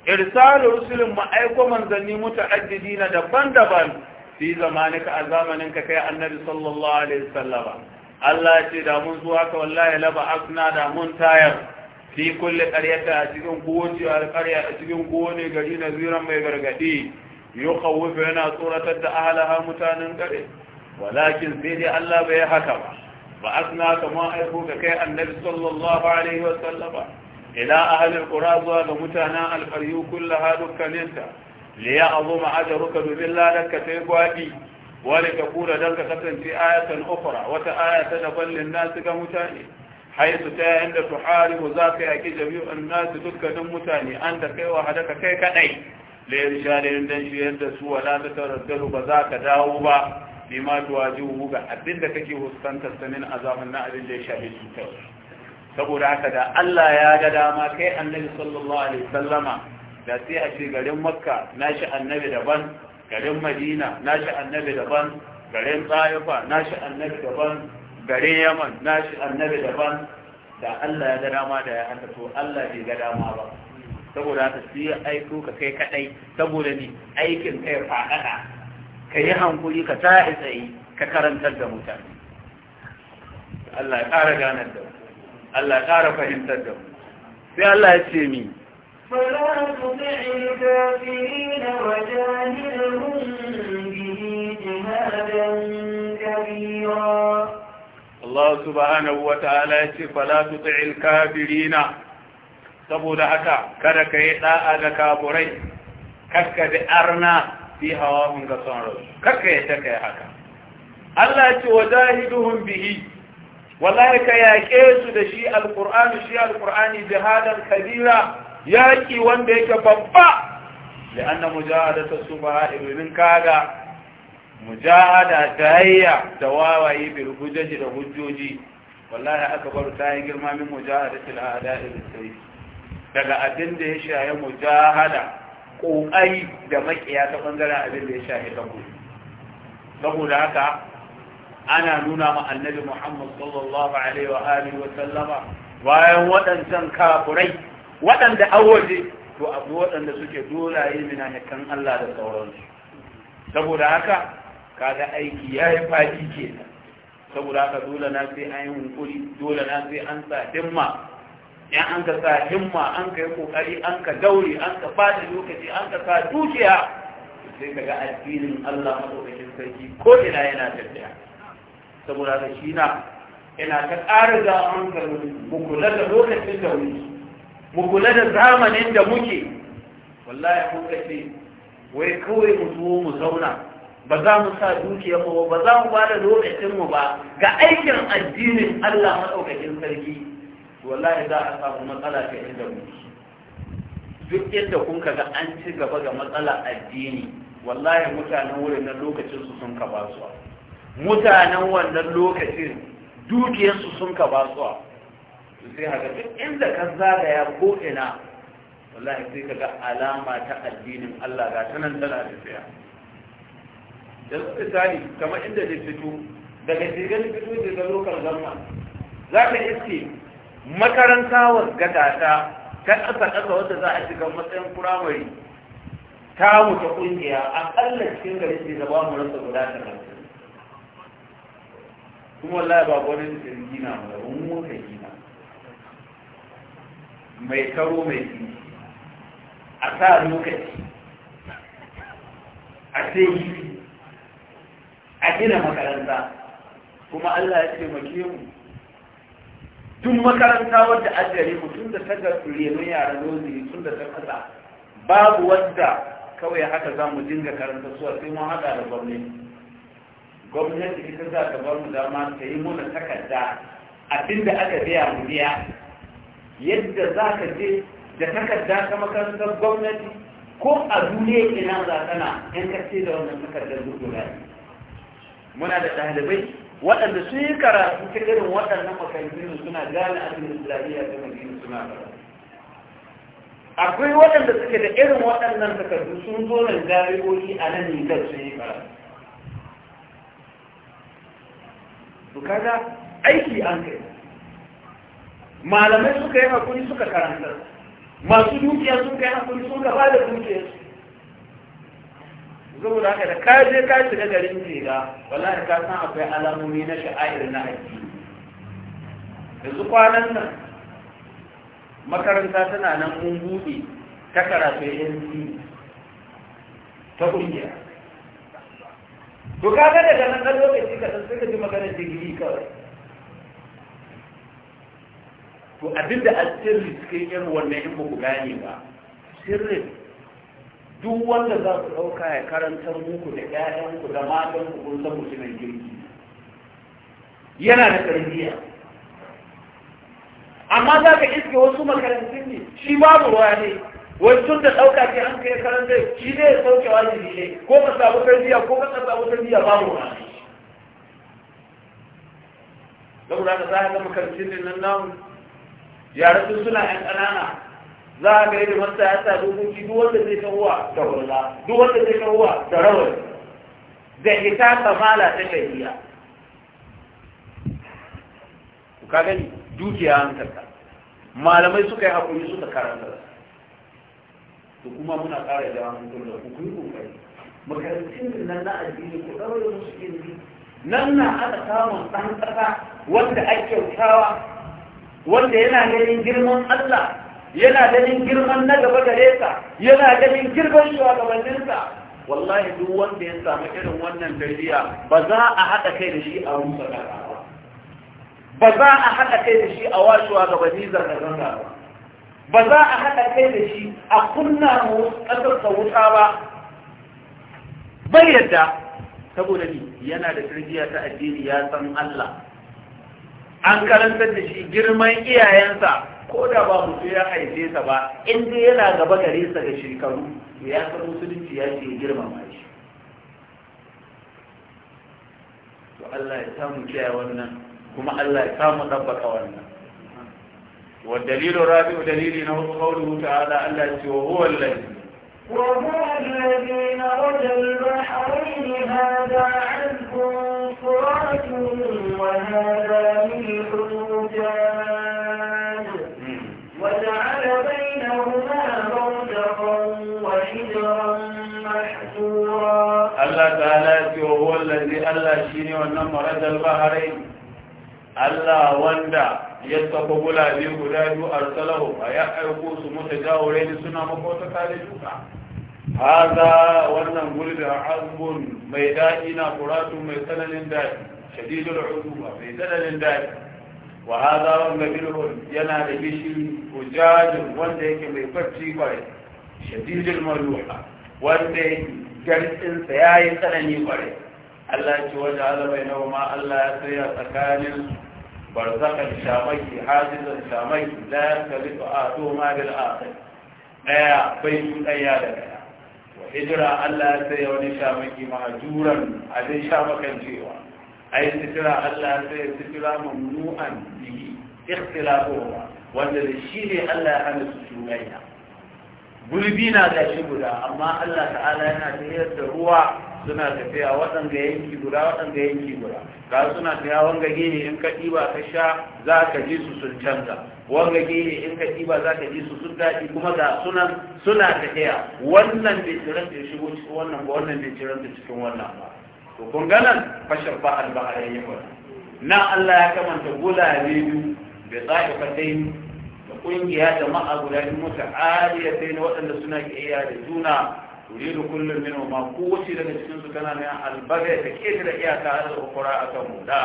إرسال رسل ما أيكو منزلني متعددين دبان دبان في زمانك أزامنك كي النبي صلى الله عليه وسلم Allah ce da mun zuwa ka wallahi laba asna da mun tayar fi kulle ƙaryata a cikin kowace alƙarya a cikin kowane gari na ziran mai gargaɗi yukhawwifu yana tsoratar da ahlaha mutanen gare walakin sai dai Allah bai haka ba ba asna kama aiko ka kai annabi sallallahu alaihi wa sallama ila ahli alqura zuwa ga mutanen alqaryu kullaha dukkaninta li ya'zuma ajruka bi billahi ka sai gwadi wani ka kura don ka kasance ayatan ukura wata aya ta daban linnasu ga mutane haisu ta yayin da tuharibu za ka yaki jami'an nasu dukkanin mutane an da kai wa hadaka kai kadai la yarsha da dan shi da su wa ta taraddalu ba za ka dawo ba lima tuwajihu ga abinda da kake huskantar sanin a azabin na abin da ya shafi cutar saboda haka da Allah ya ga dama kai annabi sallallahu alaihi wasallama da sai a ce garin makka nashi annabi daban garin madina nashi annabi daban garin tsayifa nashi annabi daban garin yaman nashi annabi daban da Allah ya ga dama da ya haka to Allah bai ga dama ba saboda haka su yi aiko ka kai kadai saboda ni aikin kai fadada ka yi hankuri ka ta tsaye ka karantar da mutane Allah ya ƙara ganar da Allah ya ƙara fahimtar da sai Allah ya ce mi Allah subhanahu wa ta'ala ya ce كبيرا الله سبحانه وتعالى saboda haka kada ka yi ɗa'a ga kaburai kakka bi arna fi hawahun ga son rasu. kakka ya taka ya haka Allah ce wa duhun bihi wallahi ka yaƙe su da shi alqur'ani shi alqur'ani jihadan kabira yaƙi wanda yake babba li'anna mujahadatu subaha ibn kaga mujahada tayya da wawaye bil hujjaji da hujjoji wallahi bar ta yi girma min mujahadatil a'da'il sayyi daga abin da ya shaye mujahada ƙoƙari da makiya ta ɓangaren abin da ya shaye tabo saboda haka ana nuna ma annabi muhammad sallallahu alaihi wa alihi wa sallama bayan waɗancan kafurai waɗanda awaje to abu waɗanda suke yi mina hakan Allah da sauransu saboda haka kaga aiki ya yi faɗi kenan saboda haka dole na sai an yi hunkuri dole na sai an sa dimma ya an ka sa himma an ka yi kokari an ka daure an ka fada lokaci an ka sa dukiya sai ka ga addinin Allah madaukakin sarki ko ina yana tafiya saboda ka shi na ina ka ƙara da hankali mu kula da lokacin da muke mu kula da zamanin da muke wallahi mun ka ce wai kawai mu zo mu zauna ba za mu sa dukiya ba, ba za mu ba da lokacin mu ba ga aikin addinin Allah madaukakin sarki wallahi za a samu matsala ta inda mu duk yadda kun kaga an ci gaba ga matsala addini wallahi mutanen wurin nan lokacin su sun ka basuwa mutanen wannan lokacin dukiyarsu sun ka basuwa to sai haka duk inda ka zagaya ko ina wallahi sai kaga alama ta addinin Allah ga tanan tana da tsaya da su misali kamar inda da fito daga jirgin fito daga lokar zamma za ka iske makaranta wasu ta ta ƙasa ƙasa wadda za a shiga matsayin firamare ta wuce ƙungiya a ƙalla cikin gari ce da ba mu rasa guda ta kuma wallahi ba gwamnati ta gina mu da muka gina mai karo mai gini a sa lokaci a yi a gina makaranta kuma Allah ya ce mu tun makaranta wadda a gare mu tun da ta renu yaran nozili tun da ta kasa babu wadda kawai haka za mu dinga karanta suwa sai mun haɗa da gwamnati gwamnati ita za ta bar mu dama ta yi muna takarda abinda aka biya mu biya yadda za ka je da takarda ta makarantar gwamnati ko a duniya ina za in ka da wannan takardar duk muna da ɗalibai waɗanda sun yi karatu ta irin waɗannan makarantun suna gane asirin islamiyya ta makarantun suna karatu akwai waɗanda suke da irin waɗannan takardu sun zo da jami'o'i a nan nigar sun yi karatu to kaga aiki an kai malamai suka yi hakuri suka karanta masu dukiya suka yi hakuri suka ba da dukiyarsu saboda haka da ka je ka shiga garin jega wallahi ka san akwai alamomi na sha'ir na addini yanzu kwanan nan makaranta tana nan mun buɗe ta karatu yanzu ta ƙungiya to ka ga daga nan ɗan lokaci ka san sai ka ji maganar digiri kawai to abinda a sirri cikin irin wannan in ba ku gane ba sirrin duk wanda za ku ɗauka ya karantar muku da ku da matanku kun san mutumin girki yana da tarbiyya amma za ka iske wasu makarantun ne shi babu ruwa ne wasu da ɗauka ke an kai karanta shi ne ya sauke wajibi ne ko ka samu tarbiyya ko ka samu tarbiyya babu ruwa ne saboda ka za ka ga makarantun nan namu yaran sun suna ƴan ƙanana za a ga da masa ya sa dokoki duk wanda zai tahowa da walla duk wanda zai tahowa da rawar da ita kamala ta shahiya ku ka gani dukiya karka malamai suka yi hakuri suka karanta su kuma muna ƙara da hankali da ku kun kokari makarantun nan na addini ko ɗaura da musu ilimi nan na ana samun ɗan ƙasa wanda ake kyautawa wanda yana ganin girman Allah yana ganin girman na gaba gare sa yana ganin girman shugabanninsa wallahi duk wanda ya samu irin wannan tarbiyya ba za a haɗa kai da shi a rusa ba ba za a haɗa kai da shi a washewa gabanin zanga-zanga ba ba za a haɗa kai da shi a kunna mu ƙasarsa wuta ba bai yadda saboda ni yana da tarbiyya ta addini ya san Allah an karantar da shi girman iyayensa ko da ba mutum ya haife sa ba in dai yana gaba gare sa ga shekaru to ya san musulunci ya ce girmama shi to Allah ya samu kiyaye wannan kuma Allah ya samu dabbaka wannan والدليل الرابع دليل قوله تعالى الذي وهو الذي وهو الذي مرج البحرين هذا عذب فرات وهذا ملح Allah ta'ala ya ce wa huwa allazi Allah shine wannan marajal bahrain Allah wanda ya saka gulabe guda biyu arsalahu a ya aiko su mutu jawure ne suna maka wata kare duka haza wannan gulbi azbun mai daɗi na kuratu mai tsananin daɗi shadidul uduba mai tsananin daɗi wa haza wanda bilhul yana da gishiri hujajin wanda yake mai farci kwarai shadidul maluha wanda yake gartsinsa ya yi tsanani kwarai Allah ce waje alamai na ma Allah ya tsaya tsakanin barzakan shamaki hajizan shamaki da ya kalli a doma bil akhir daya bai su daya da daya wa hijira Allah ya tsaya wani shamaki ma mahajuran abin shamakan cewa ai sitira Allah ya tsaya sitira mamnu'an bihi ikhtilafuha wanda da shi ne Allah ya hana su shuganya gulbi na gashi guda amma Allah ta'ala yana tafiyar da ruwa suna tafiya waɗanda yanki guda waɗanda yanki guda ga suna tafiya wanga gini in ka ɗiba ka sha za ka ji su sun canza wanga gini in ka ɗiba za ka ji su sun daɗi kuma ga sunan suna tafiya wannan bai ciran da shigo cikin wannan ba wannan bai ciran da cikin wannan ba to kun ganan fashar ba al ba na Allah ya kamanta gulabe biyu bi kadai kungiya jama'a guda biyu muta'aliya sai na waɗanda suna iya da juna yuridu kullum min ma kowace daga cikin su tana nan albaga ta da iyaka da ukura akan muda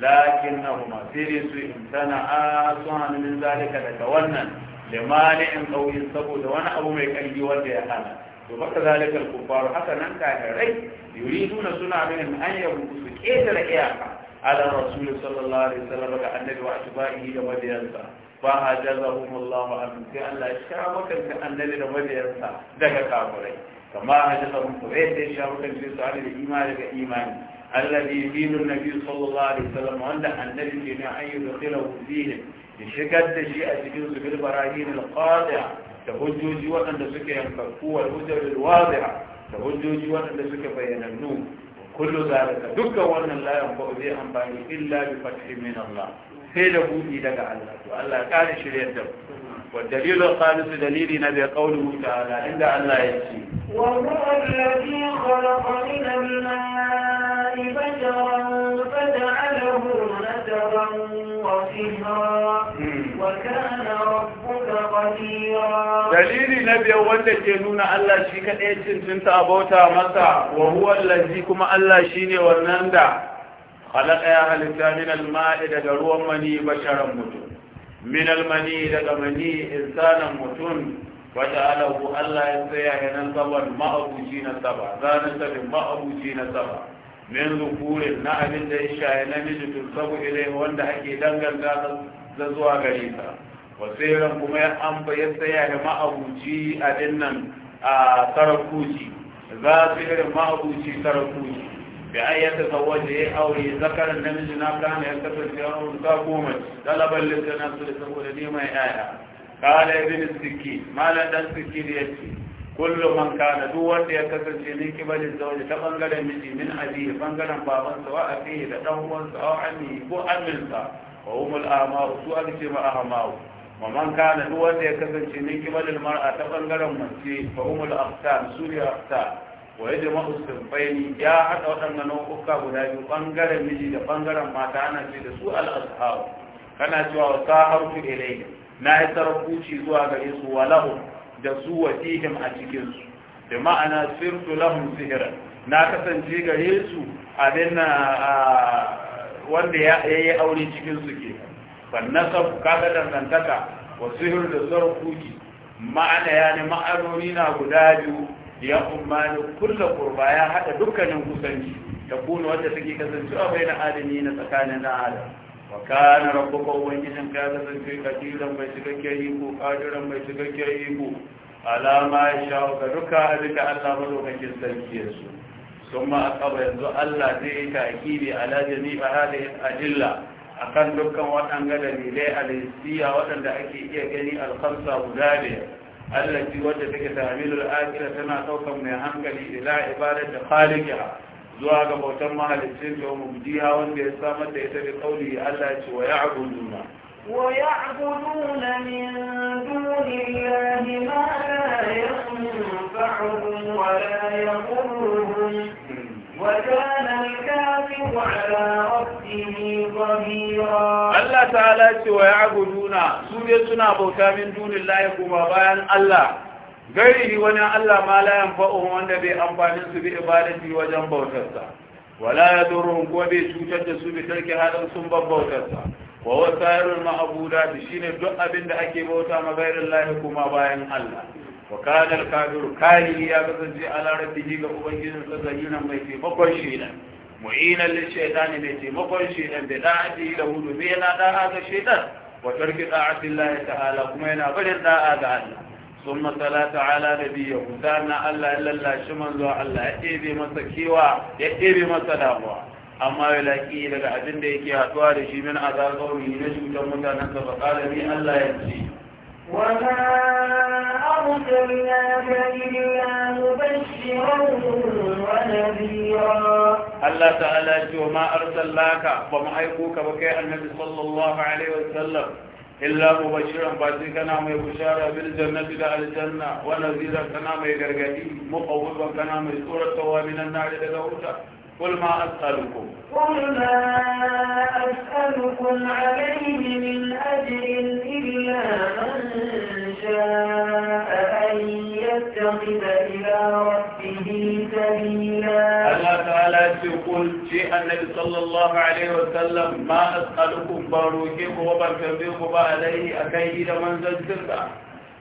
lakin na ma sai dai su insana a sun hannu min zalika daga wannan limani in kauyin saboda wani abu mai ƙarfi wanda ya hana to baka zalika al-kuffaru haka nan kafirai yuriduna suna min an yabu su keta da iyaka ala rasul sallallahu alaihi wasallam ga annabi wa atba'ihi da mabiyansa فاجزهم الله ان الله شعبا كان الذي لم يرضى ده كافر كما اجزهم فريت شعبا كان في سؤال الايمان بايمان الذي دين النبي صلى الله عليه وسلم عند الذي كان ان يدخله دينه لشكل تجيء تجيء بالبراهين القاطعة تهجوجي وأن تسكى ينفقوا الهجر الواضحة تهجوجي وأن تسكى بين النوم كل ذلك دك وأن لا ينفق ذي أنباني إلا بفتح من الله سيدا بودي دقا الله والله كان شريه والدليل الخالص دليلي نبي قوله تعالى عند أن الله يسي والرؤى الذي خلق من الماء بجرا فجعله نترا dalili na biyar wanda ke nuna Allah shi kaɗai cin cinta a bauta masa wa huwa lalzi kuma Allah shi ne خلق يا هلتا من الماء دقا روان مني بشرا متون من المني دقا مني إنسانا متون وجعله الله يسيا هنا سبا ما أبوشين سبا ذانا سبا ما أبوشين سبا من ذكور نعم ديشا هنا نجد سبو إليه وانا حكي دنگل زوا غريسا وسيرا كما يأمب يسيا هما أبوشي أدنن آه تركوشي ذا سير ما أبوشي تركوشي ya ayyata ta waje ya aure zakarar namiji na kama ya kasance a wani takoma dalabar lissa na su da saboda neman yaya kada ya bin siki malar dan siki da ya ce kullum man kada duk wanda ya kasance ne ki bari ta bangaren miji min abiyu bangaren babansa wa da dan uwansa a wani ko aminsa su aka a hamawu wa man duk wanda ya kasance ne ki mara ta bangaren mace fa umul aksa su ne aksa wa ya su Faini ya haɗa waɗannan nau'uka guda biyu ɓangaren miji da ɓangaren mata ana ce da su al'azharu kana cewa wa sahartu ilayhi na yi sarkuci zuwa gare su wa da su wa a cikin su da ma'ana sirtu lahum sihira na kasance gare su abin wanda ya yi aure cikin su ke fannasab kaga dangantaka wa sihir da sarkuci ma'ana ne ma'anoni na guda biyu ya ummani kulla kurba ya hada dukkanin kusanci da kuna wanda take kasancewa na adami na tsakanin na adam wa kana rabbuka ubangijin ka kasance kadiran mai cikakken iko kadiran mai cikakken iko alama ya ga duka abinda Allah madaukakin sarki ya so ثم أقبل ينزو الله زي تأكيدي على جميع هذه الأدلة أكن دكا وأن قدمي لي على ake iya دعكي إيه جني الخمسة التي وجدك تعمل تعميل الآخرة تنا توقع من هنكلي إلى عبادة خالقها زواج بوتم هالسين ومبديها وان بيسامة يتبع قوله التي ويعبدون ويعبدون من دون الله ما لا ينفعهم ولا يقرهم allah الكافر على ربه ظهيرا الله تعالى ويعبدون سوريا سنا بوتا من دون الله كما بيان الله wani Allah ma layan yanfa'uhu wanda bai amfani su bi ibadati wajen bautarsa wala yadurruhum ko bai cutar da su bi tarki hadan sun babbautarsa wa wasairul shi shine duk abin da ake bauta ma gairin lahi kuma bayan Allah wa kana al ya kasance ala rabbihi ga ubangiji sa zayyuna mai fi bakon shida mu'ina li shaytani mai fi bakon shida da da'ati da hudu bi yana da'a ga shaytan wa tarki da'ati Allah ta'ala kuma yana barin da'a ga Allah summa salatu ala nabiyyi hudana Allah illa Allah shi manzo Allah ya ebe masa kiwa ya ebe masa da'wa amma ya laki daga abin da yake haduwa da shi min azal qawmi ne shi mutan mutanen ka fa qala bi Allah ya ji وما أرسلناك إلا مبشرا ونذيرا الله تعالى وما أرسلناك وما أيقوك وكي النبي صلى الله عليه وسلم إلا مبشرا بعد كنا ما بشارة بالجنة إلى الجنة ونذيرا كنا ما يقرقدي مقوبا كنا ما سورة النار إلى قل ما أسألكم قل ما أسألكم عليه من أجر إلا من شاء أن يتخذ إلى ربه سبيلا الله تعالى يقول شيء النبي صلى الله عليه وسلم ما أسألكم باروكيك وبركبيك عليه أكيد من زلزلتا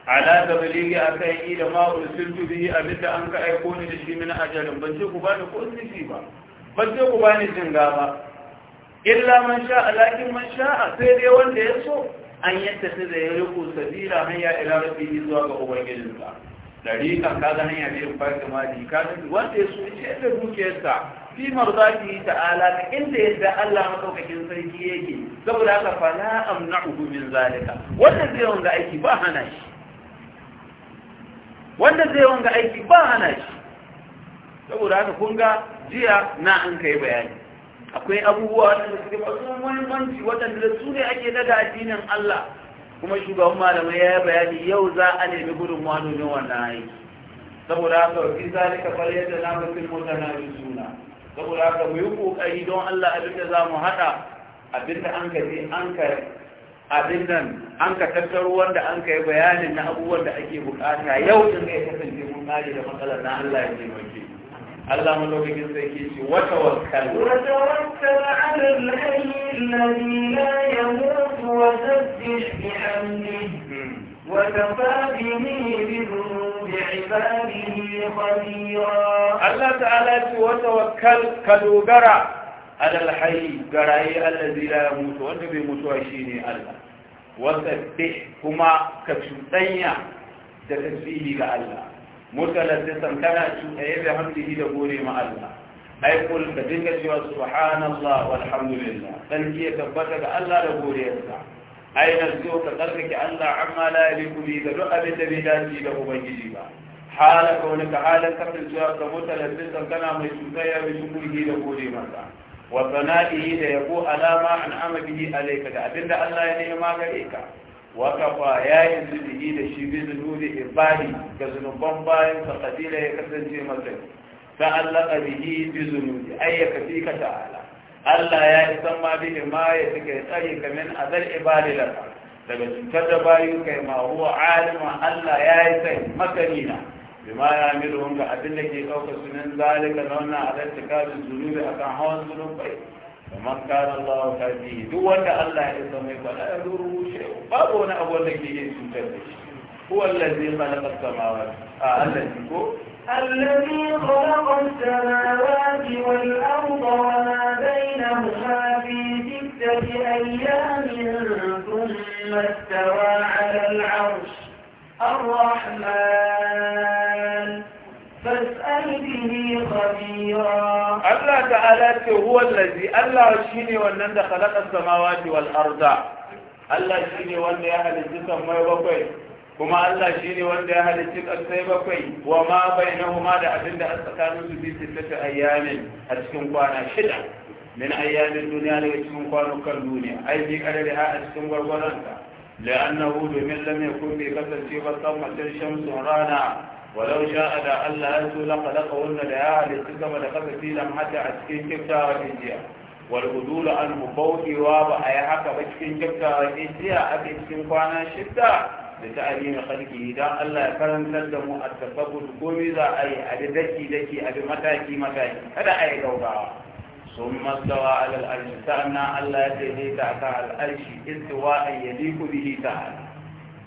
ala da baligi a kan yi da ma'ul sultu bihi abinda an ka aiko ni da shi min ajalin ban ce ku ba da ko ba ba sai ku bani jinga ba illa man sha'a lakin man sha'a sai dai wanda ya so an yadda sai da ya riko sabila hanya ila rabbihi zuwa ga ubangijinsa dariƙa kaga hanya ne in farka mali kaga wanda ya so ya da dukiyarsa fi marzati ta'ala ka inda yadda Allah madaukakin sarki yake saboda haka fa la amna'u min zalika wanda zai wanga aiki ba hana shi wanda zai wanga aiki ba hana shi saboda haka kun ga jiya na an kai bayani akwai abubuwa waɗanda suke masu muhimmanci waɗanda su ne ake daga addinin Allah kuma shugaban malamai ya yi bayani yau za a nemi gudun domin wannan aiki saboda haka wafi zalika fal yadda na mutum mota na yi suna saboda haka mu yi kokari don Allah abin da za mu haɗa abin da an ka je an ka abin nan an ka tattaro wanda an ka yi bayanin na abubuwan da ake bukata yau in ya kasance mun kare da matsalar na Allah ya taimake Allah malaukakin sai ke ce wata wakal. wata wakkal ala alhayy alladhi la yamut wa sabbih bihamdihi wa kafa bihi bi dhunubi ibadihi khabira Allah ta'ala ce wata wakkal ka dogara ala alhayy garaye alladhi la yamut wanda bai mutuwa shine Allah wa sabbih kuma ka tsanya da tasbihi ga Allah mutalassisan kana cin tsaye da hamdihi da gore ma Allah ai kul ka dinga cewa subhanallah walhamdulillah sarki ya tabbata ga Allah da godiyarsa ai na so ka tsarkake Allah amma la yaliku bi da duk abin da bai dace da ubangiji ba halaka wani ka halin kasancewa ka mutalassisan kana mai cutarwa mai shukuri da gode masa wa sana'ihi da yabo alama an ama bihi alayka da abinda Allah ya nema gare ka wakafa ya yi zunubi da shi bi zunubi ibadi ga zunuban bayan sa ya kasance masa ta Allah bihi bi zunubi ay ya ka ta'ala Allah ya yi san ma bi ma ya suka tsare kamin azal ibadi laka daga cutar da bayu kai ma huwa alima Allah ya yi sai makanina bima ya miru ga abin da ke ɗaukar sunan zalika na wannan adalci kafin zunubi akan hawan zunubai ومن كان الله هديه duk wanda Allah ya zama ba la yaduru shay babu wani abu wanda ke yin cutar da shi huwa allazi khalaqa as-samawati a allazi ko الذي خلق السماوات والأرض وما بينهما في ستة أيام ثم استوى على العرش الرحمن فاسأل به خبيرا Allah ta'ala ce huwa allazi Allah shine wannan da khalaqa samawati wal arda Allah shine wanda ya halitta samai bakwai kuma Allah shine wanda ya halicci kasai bakwai wa ma bainahuma da abin da tsakanin su bi sittata ayyamin a cikin kwana shida min ayyamin duniya daga cikin kwanukan duniya ai bi kadari ha a cikin gwargwaronta la'annahu domin lam yakun bi kasance ba san matar shamsu rana ولو a da Allah ya so la khalaqahunna da ya halitta gama da kasa filan hada a cikin kyautawar injiya wal udul an mubawdiwa ba a yi haka ba cikin kyautawar injiya a cikin kwana shidda da ta'alimi khalqi dan Allah ya karantar da mu at komai za a yi a daki daki a bi mataki mataki kada a yi gaugawa ثم استوى على الأرش سألنا الله يتهيت على الأرش استواء يليق به تعالى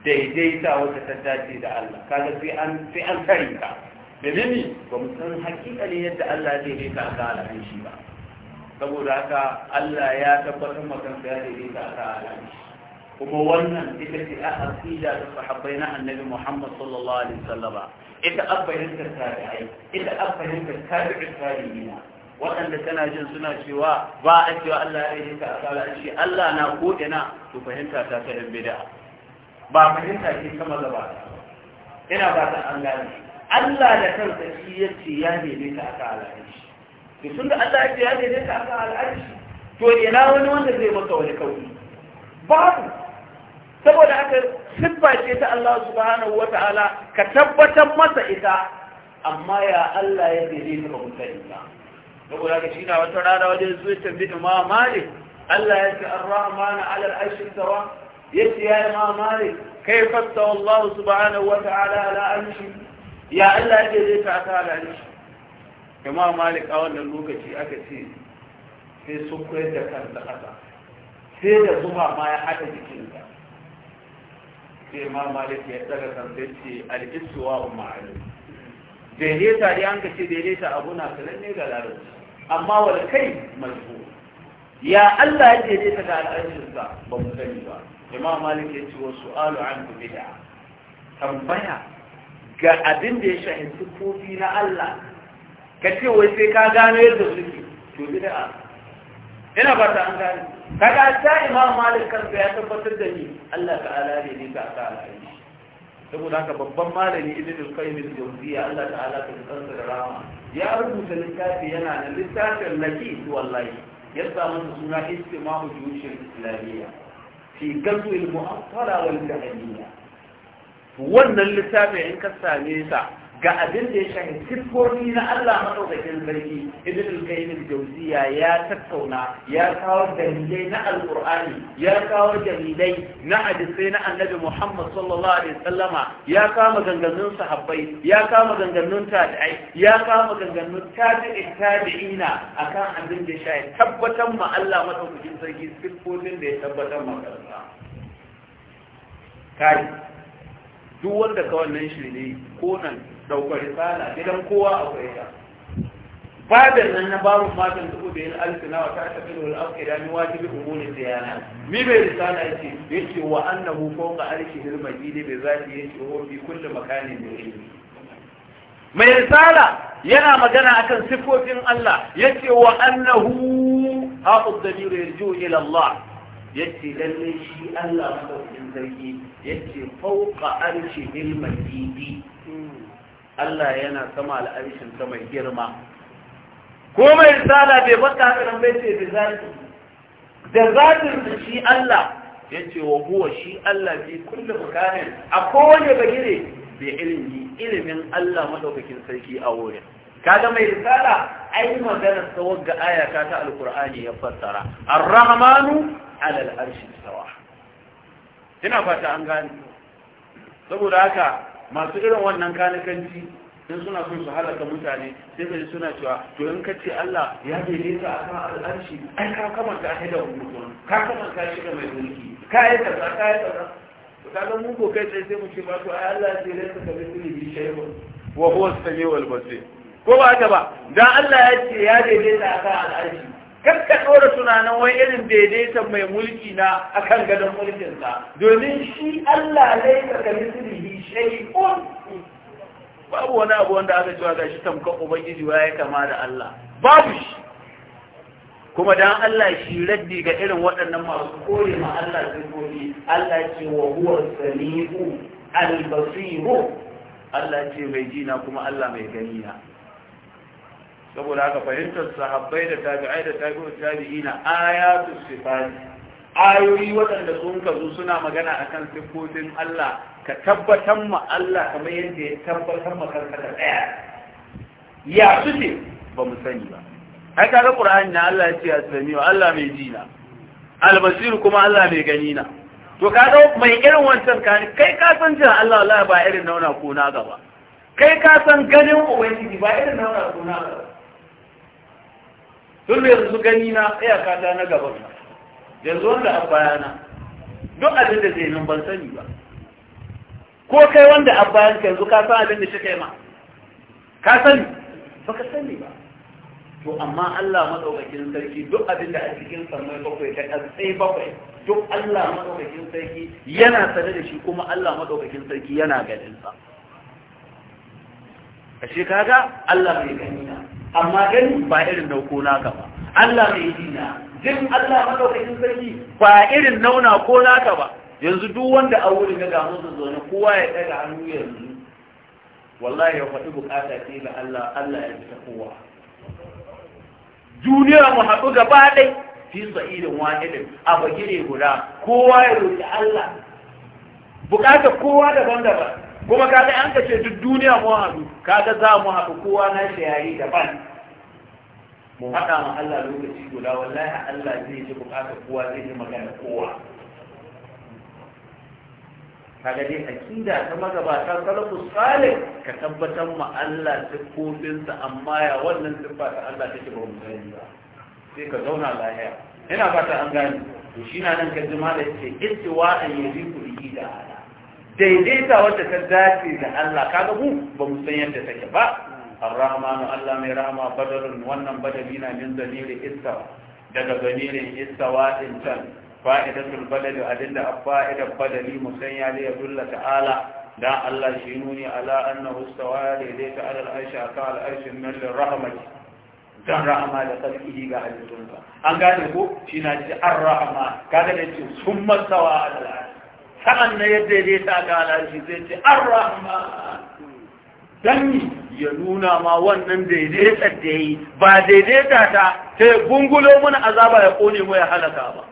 daidaita wata ta dace da Allah kaga sai an sai an tare ka da ni ba mu san ne yadda Allah zai daidaita a kan al'adun shi ba saboda haka Allah ya tabbatar ma kansa ya daidaita a kan al'adun shi kuma wannan ita ce a asida da sahabbai na annabi Muhammad sallallahu alaihi wasallama ita abbayin ta tabi'ai ita abbayin ta tabi'i tabi'ina waɗanda tana jin suna cewa ba a cewa Allah ya daidaita a kan al'adun shi Allah na ko ina to fahimta ta ta yan bid'a ba fahimta ce sama gaba ina ba ta an gane Allah da kansa shi ya ce ya daidaita a kan al'arshi to tun da Allah ya ce ya daidaita a kan al'arshi to ina wani wanda zai maka wani kauri babu saboda aka siffa ce ta Allah subhanahu wa ta'ala ka tabbatar masa ita amma ya Allah ya daidaita ba mutane ba saboda haka shi na wata rana wajen zuwa tambayi da ma malik Allah ya ce ar-rahmanu 'ala al-'arshi tawa yace ya imam malik kai fatta Allah subhanahu wa ta'ala ala arshi ya Allah yake zai ta ta ala arshi imam malik a lokaci aka ce sai sun koyar da kansa kasa sai da zuba ma ya hada jikin sai imam malik ya tsara kansa ce al daidaita dai an ka ce daidaita amma kai ya ba mu sani ba imam malik ya ce wasu alu an bid'a tambaya ga abin da ya shahin sufofi na Allah ka ce wai sai ka gano yadda suke to bid'a ina ba ta an gane kaga ta imam malik kansa ya tabbatar da ni Allah ta'ala ne ne ka ta'ala ne saboda haka babban malami ibn al-qayyim al-jawziyya Allah ta'ala ta kansa da rama ya rubuta littafi yana da littafin laki wallahi ya samu suna istima'u juyushil islamiyya في قلب المؤطرة والتعليمية وانا اللي سامعين كالسامية ga abin da ya shahi siffofi na Allah maɗaukakin sarki ibn al-qayyim jawziya ya tattauna ya kawo dalilai na alqur'ani ya kawo dalilai na hadisai na annabi Muhammad sallallahu alaihi wasallama ya kawo maganganun sahabbai ya kawo maganganun tabi'ai ya kawo maganganun tabi'i tabi'ina akan abin da ya shahi tabbatar ma Allah maɗaukakin sarki siffofin da ya tabbatar ma kansa kai duk wanda ka wannan shirye ko nan daukar risala gidan kowa akwai ta babin nan na babin matan dubu da yin alfina wa ta tafi da al'afka da ni wajibi umurin da yana mi bai risala yake yake wa annahu fawqa arshi hil majidi bi zati yake wa fi kulli makanin da ilmi mai risala yana magana akan sifofin Allah yake wa annahu haqqud damir yarju ila Allah yake lalle shi Allah madaukakin sarki yake fawqa arshi hil majidi Allah yana sama al'arshin sa mai girma ko mai risala bai baka haka bai ce bi zati da zatin shi Allah ce wa huwa shi Allah bi kulli bukarin a kowane bagire bi ilmi ilimin Allah madaukakin sarki a wurin kaga mai risala ai magana tsawon ga ayaka ta alkur'ani ya fassara ar-rahmanu ala al-arshi sawa ina fata an gane saboda haka masu irin wannan kanikanci in suna sun su halaka mutane sai ka suna cewa to in ka ce Allah ya daidaita ta kan al'arshi ai ka ta a haidar mutum ka kama ka shiga mai mulki ka yi kaza ka yi kaza ka ga mu ko kai sai mu ce ba to ai Allah ya daidaita ka bi bi shay'un wa huwa as-sami'ul basir ko ba haka ba dan Allah ya ce ya daidaita ta kan al'arshi kakka ɗora tunanin wani irin daidaita mai mulki na akan gadon mulkinsa domin shi Allah lai ka kalli shi babu wani abu wanda aka cewa gashi tamka ubangiji ya kama da Allah babu shi kuma dan Allah shi raddi ga irin waɗannan masu kore ma Allah sifofi Allah ce wa huwa samiu al basiru Allah ce mai jina kuma Allah mai gani saboda haka fahimtar sahabbai da tabi'ai da tabi'u tabi'ina ayatu sifat ayoyi waɗanda sun ka suna magana akan sifofin Allah ka tabbatar ma Allah kamar yadda ya tabbatar ma kanka da tsaya ya suke ba mu sani ba ai kaga Qur'ani na Allah ya ce as wa Allah mai jina al-basir kuma Allah mai gani na to kaga mai irin wancan kai, kai ka san jin Allah wallahi ba irin nauna ko na gaba kai ka san ganin ubangiji ba irin nauna ko na gaba tun da yanzu gani na iyaka ta na gaban na yanzu wanda a bayana duk abin da zai nan ban sani ba ko kai wanda a bayan ka yanzu ka san abin da shi kai ma ka sani ba ka sani ba to amma Allah madaukakin sarki duk abin da a cikin sammai bakwai da ƙasai bakwai duk Allah madaukakin sarki yana sane da shi kuma Allah madaukakin sarki yana ganin sa ashe kaga Allah mai gani na amma gani ba irin dauko naka ba Allah mai dina jin Allah madaukakin sarki ba irin nauna ko naka ba yanzu duk wanda a wurin ga gamu su zo ne kowa ya daga hannu yanzu wallahi ya faɗi bukata ce ga Allah Allah ya fita kowa duniya mu haɗu gaba ɗai fi sa'irin wahidin a bagire guda kowa ya roki Allah bukata kowa daban-daban kuma kaga an ka ce duk duniya mu haɗu kaga za mu haɗu kowa na shi yayi daban mu haɗa ma Allah lokaci guda wallahi Allah zai ji bukatar kowa zai ji magana kowa kaga dai akida ta magabata salafu salih ka tabbatar ma Allah siffofinsa amma ya wannan sifa ta Allah take ba mu sani ba sai ka zauna lafiya ina fata an gane to shi na nan kan jama'a da ce istiwa an yi ku da ala daidaita wadda ta dace da Allah kaga gabu bamu san yadda take ba ma Allah mai rahama badarin wannan badari na min zaliri isa daga zalirin isa wa intan fa'idatul badali adinda fa'idar badali mu san ya liya dulla ta'ala da Allah shi nuni ala annahu istawa daidai ka ala al'aisha ka al'aisha min rahmat dan rahama da tsarki ga halittunka an gane ko shi na ji arrahma kaga ne ce summa sawa ala sa'an na yadda ya ta kala shi zai ce ar-rahman dan ya nuna ma wannan daidaita da yi ba daidaita ta ta gungulo mana azaba ya kone mu ya halaka ba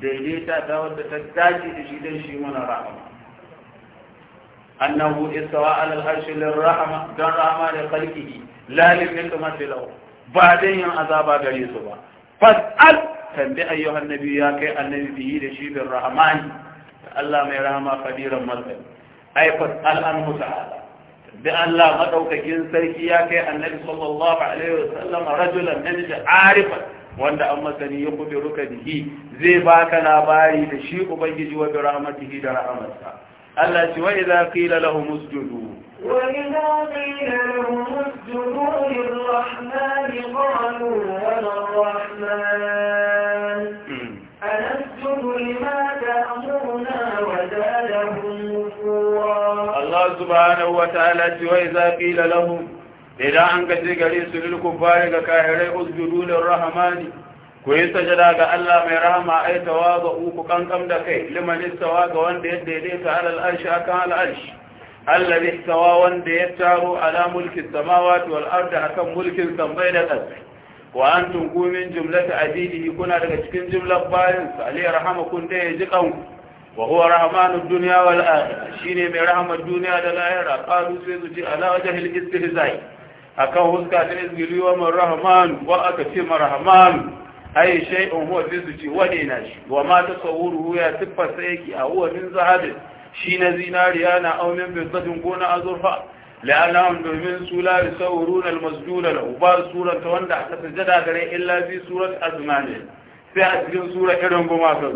daidaita ta wadda ta dace da shi don shi mana rahama annahu istawa ala harshen arshi rahma rahama da khalqihi la lil-nikmati lahu ba dan yin azaba gare su ba fas'al tambi ayyuhan ya kai annabi bihi da shi bir rahamani. Allah mai rahama kadiran mazal ai fas'al anhu ta'ala da Allah madaukakin sarki ya kai annabi sallallahu alaihi wasallam rajulan namiji arifa wanda an masani ya ruka bihi zai baka labari da shi ubangiji wa bi rahmatihi da rahmatsa Allah ce wa idza qila lahum usjudu wa idza qila lahum usjudu lirrahmani qalu wa lirrahman أنسجد لما تأمرنا وزادهم نفورا الله سبحانه وتعالى وإذا قيل لهم إذا أنك تقريس للكفار كاهري أسجدوا للرحمن ku yi sajada ga Allah mai rahama ai ga uku kankam da kai liman istawa ga wanda ya daidaita alal arshi akan al arshi Allah istawa wanda ya taro ala mulki samawati wal ardi akan mulkin sammai da ƙasa wa antum kumin jumlata abidihi kuna daga cikin jumlar bayin sa ali rahamakum da ya ji kanku wa huwa rahmanud Duniya wal akhirah shine mai rahmar duniya da lahira qalu sai su ji ala wajhil istihza'i akan huska ta izgili wa man rahman wa aka ce man rahman ai in huwa fi su ce wane na shi wa ma tasawwuruhu ya tiffa sai yake a huwa min zahabin shi na zinariya na aumin bizadin gona azurfa la'anahum domin su la yusawrun al-masjud lahu ba surat wanda aka sajada gare illa fi surat azman sai a cikin sura irin goma kan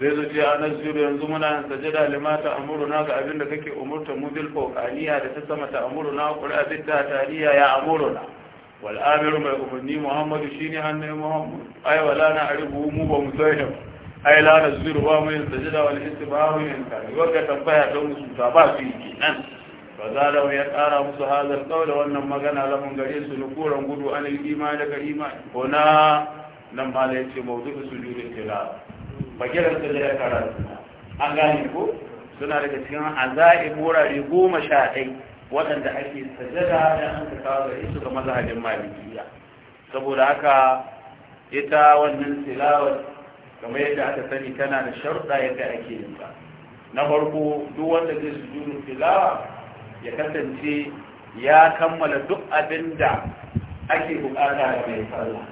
su sai su ce a nan yanzu muna sajada lima ta amuruna ga abin da kake umurta mu bil fawqaniya da ta sama ta amuruna qur'a bi ta tariya ya amuruna wal amiru mai umurni muhammadu shine hannu muhammad ay wala na arbu mu ba mu sai ai la nazuru ba mu sajada wal istibahu yanka wa ka tambaya don mu su ta ba su yi nan fa ya tsara musu hazar kaula wannan magana lahun gare na nukuran gudu an al-iman daga iman ko na nan ma da yace mawdu'u sujudul tilal bakiran da ya an gane ko suna daga cikin azaib wurare goma sha ɗai waɗanda ake sajada da an ka kawo gare ga mazhabin malikiya saboda haka ita wannan tilawar kamar yadda aka sani tana da sharuɗa yadda ake yin ta na farko duk wanda zai sujudu filawa. ya kasance ya kammala duk abin da ake bukata da mai sallah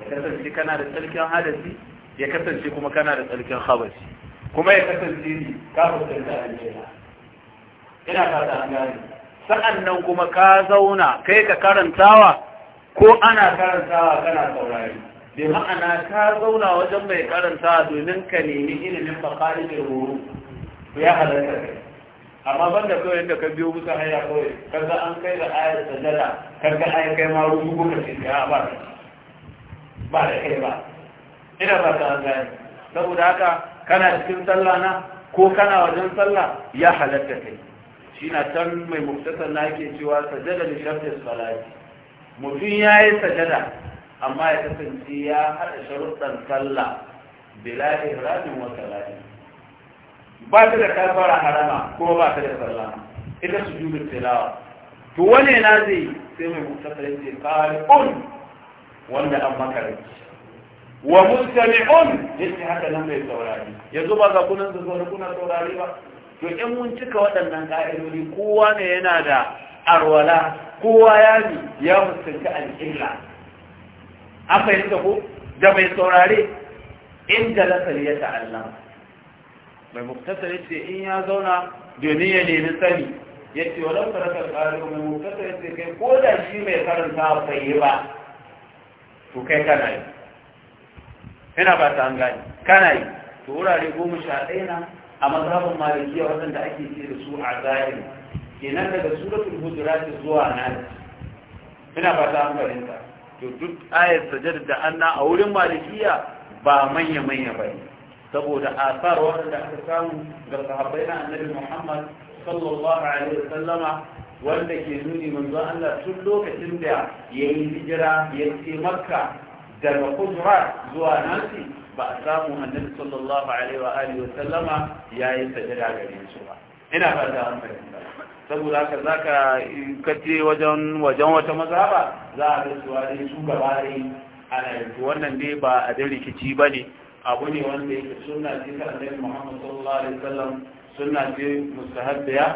ya kasance kana da tsarkin hadasi ya kasance kuma kana da tsarkin habasi kuma ya kasance ne ka fuskanta aljera ina fata an gani sa'an nan kuma ka zauna kai ka karantawa ko ana karantawa kana saurari bi ma'ana ka zauna wajen mai karantawa domin ka nemi ilimin bakarin horo ya halarta kai amma banda kawai yadda ka biyo musu haya kawai kaga an kai da ayar sajada kaga ayar kai ma rubu kuka ce ya ah, ba ba da kai ba ina ba an gani saboda haka kana cikin sallah na ko kana wajen sallah ya halatta kai shi na can mai muktasar na yake cewa sajada da shafi salati mutum ya yi sajada amma ya kasance ya haɗa sharuɗan sallah bila ihramin wa salati ba ta da kafara harama kuma ba ta da sallah ita juri tilawa to wane na zai sai mai mutasar kare on! wanda an makaranci wa mustami'un yake haka nan mai saurari yanzu ba ga kunan da zuwa kuna saurari ba to in mun cika waɗannan ka'idodi kowa ne yana da arwala kowa ya bi ya mutunta al'illa an fahimta ko da mai saurari? in jalasa ya ta'allama mai muktasar yace in ya zauna domin ya nemi sani yace walau tarakal qari'u mai muktasar yace kai ko da shi mai karanta bai yi ba to kai kana yi ina ba ta an gani kana yi to wurare goma sha ɗaya na a mazhabin malikiya waɗanda ake ce da su a zahiri kenan daga suratul hujurat zuwa nan ina ba ta an ta to duk ayat sajada da anna a wurin malikiya ba manya manya bane saboda asar wanda aka samu ga sahabbai na annabi Muhammad sallallahu alaihi wasallama wanda ke nuni manzo Allah tun lokacin da yayi hijira ya ce Makka daga Qudrat zuwa Nasi ba a samu annabi sallallahu alaihi wa alihi wasallama yayi sajada gare su ba ina fata an fahimta saboda haka zaka kace wajen wajen wata mazhaba za a ga su gaba dai ana wannan dai ba a da rikici bane abu ne wanda yake suna ce ta annabi Muhammad sallallahu alaihi wasallam suna ce mustahabbiya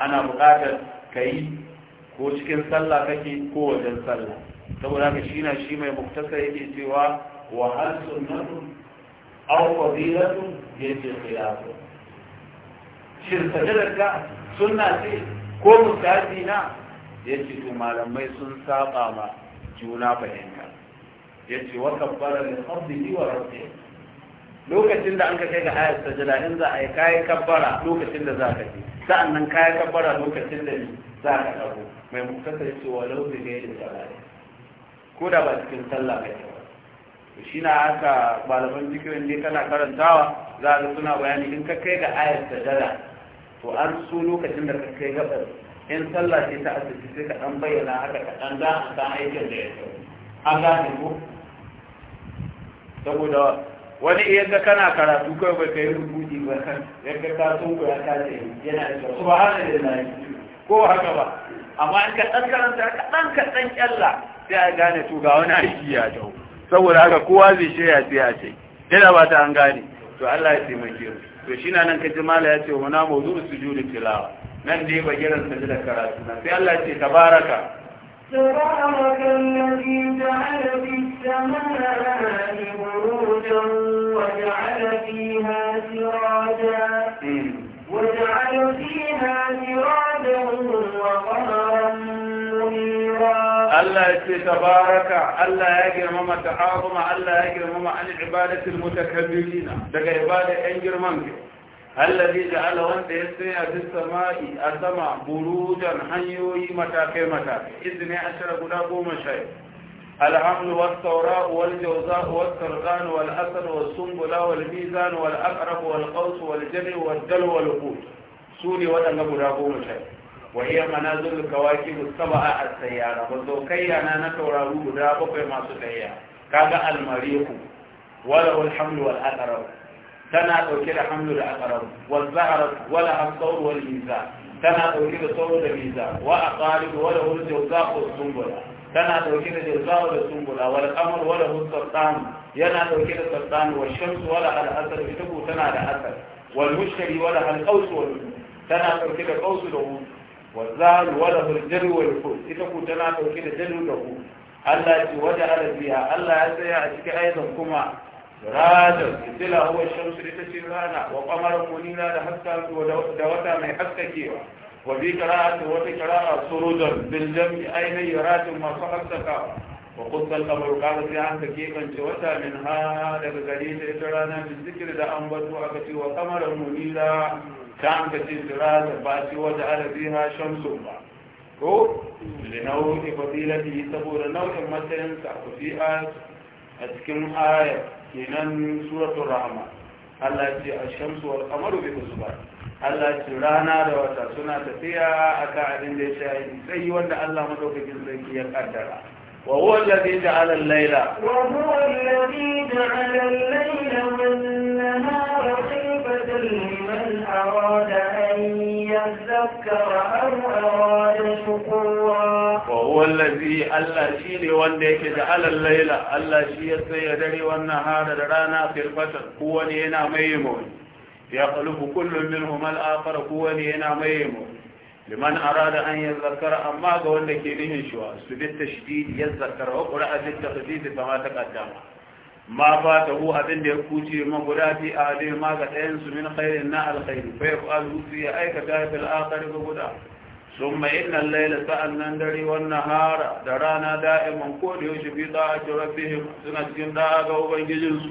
ana buƙatar kai ko cikin sallah kake ko wajen sallah saboda ka shi na shi mai muktasar yake cewa wa hal sunnatu aw fadilatu yake khilafu shin sajadar ka sunna ce ko mustahabbi na yace to malamai sun saba ma juna fahimta yace wa kabbara li qabdihi wa rabbihi lokacin da an ka kai ga ayat sajada in za a yi kayan kabbara lokacin da za ka ji sa'an nan kayan kabbara lokacin da za ka ɗago mai mukasa ya ce walau da ya yi salari ko da ba cikin sallah ka to shi na aka malaman zikirin ne kana karantawa za ka suna bayani in ka kai ga ayat sajada to an so lokacin da ka kai gabar in sallah ce ta asibiti sai ka ɗan bayyana haka ka ɗan za a san aikin da ya sau an gane ko saboda wani iya ga kana karatu kai bai kai rubuci ba yadda ka sun ya ce yana da subhanallahi ko haka ba amma in ka dan karanta ka dan ka dan kyalla sai a gane to ga wani aiki ya dau. saboda haka kowa zai shirya sai ya ce yana ba ta an gane to Allah ya taimake mu to shi na nan ka mala ya ce wa na mawdu sujudu tilawa nan dai bagiran da karatu na sai Allah ya ce tabaraka تبارك الذي جعل في السماء وجعل فيها وجعل فيها منيرا الله تبارك الله يجرم تعاظم الله يجرم عن عبادة المتكبرين دقى عبادة أنجر منك allazi ja'ala wanda ya tsaya fi sama'i a sama burujan hanyoyi matakai matakai izini ashara guda goma sha الحمل والثوراء والجوزاء والسرغان والأسد والسنبلا والميزان والأقرب والقوس والجري والدل والقوت سوري ودن أبو رابو مشاهد وهي منازل الكواكب السبعة السيارة وذوكي أنا نتوراه رابو في ما سليا كذا المريخ وله الحمل والأقرب تنا اوكيد حمل الاقرب والبعر ولا الطور والميزان تنا اوكيد الطور والميزان واقارب ولا هو الجوزاء والسنبلة تنا اوكيد الجزاء والسنبلة والامر ولا هو السرطان ينا اوكيد السرطان والشمس ولا الاثر بتبو تنا على الاثر والمشتري ولا الاوس والمشتري تنا اوكيد الاوس له والزال ولا هو الجرو والفوز بتبو تنا اوكيد الجرو له الله جوجه على فيها الله عز وجل ايضا كما راجل مثلا هو الشمس لتسير لنا وقمر منيرا لحتى دوتا من كيوا وفي قراءة وفي قراءة سرودا بالجمع أين يرات ما صحبتك وقلت الأمر قال في عهد كيفا جوتا من هذا الغريب من ذكر ذا أنبت وأكتي وقمر منيرا كان كتير رانا باتي وجعل فيها شمس الله هو لنوع فضيلته تقول نوع مثلا ku fi آية cikin ayar kenan suratul rahma Allah ce a shamsu wal qamaru su ba Allah ce rana da wata suna tafiya akan abin da ya shayi tsayi wanda Allah madaukakin sarki iya kaddara وهو الذي جعل الليل وهو الذي جعل الليل والنهار خلفة لمن أراد أن يذكر أو أراد شكورا وهو الذي ألا شيء وندك جعل الليل ألا شيء سيدري والنهار رانا خلفة هو لينا ميمون يخلف كل منهما الآخر هو لينا ميمون liman arada an yazzakara amma ga wanda ke nihin shuwa su bi tashdid yazzakara wa qura'a bi tahdid kama ta kaddama ma ba ta hu abin da ya kuce ma guda fi ahli ma ga ɗayan su min khairin na alkhairu, fa yaqalu fi ya aikata bil akhir ga guda summa nan laila sa'an nan dare wannan hara da rana da'iman ko da yaushe fi ta'ati rabbihim suna cikin ɗaga ga ubangijinsu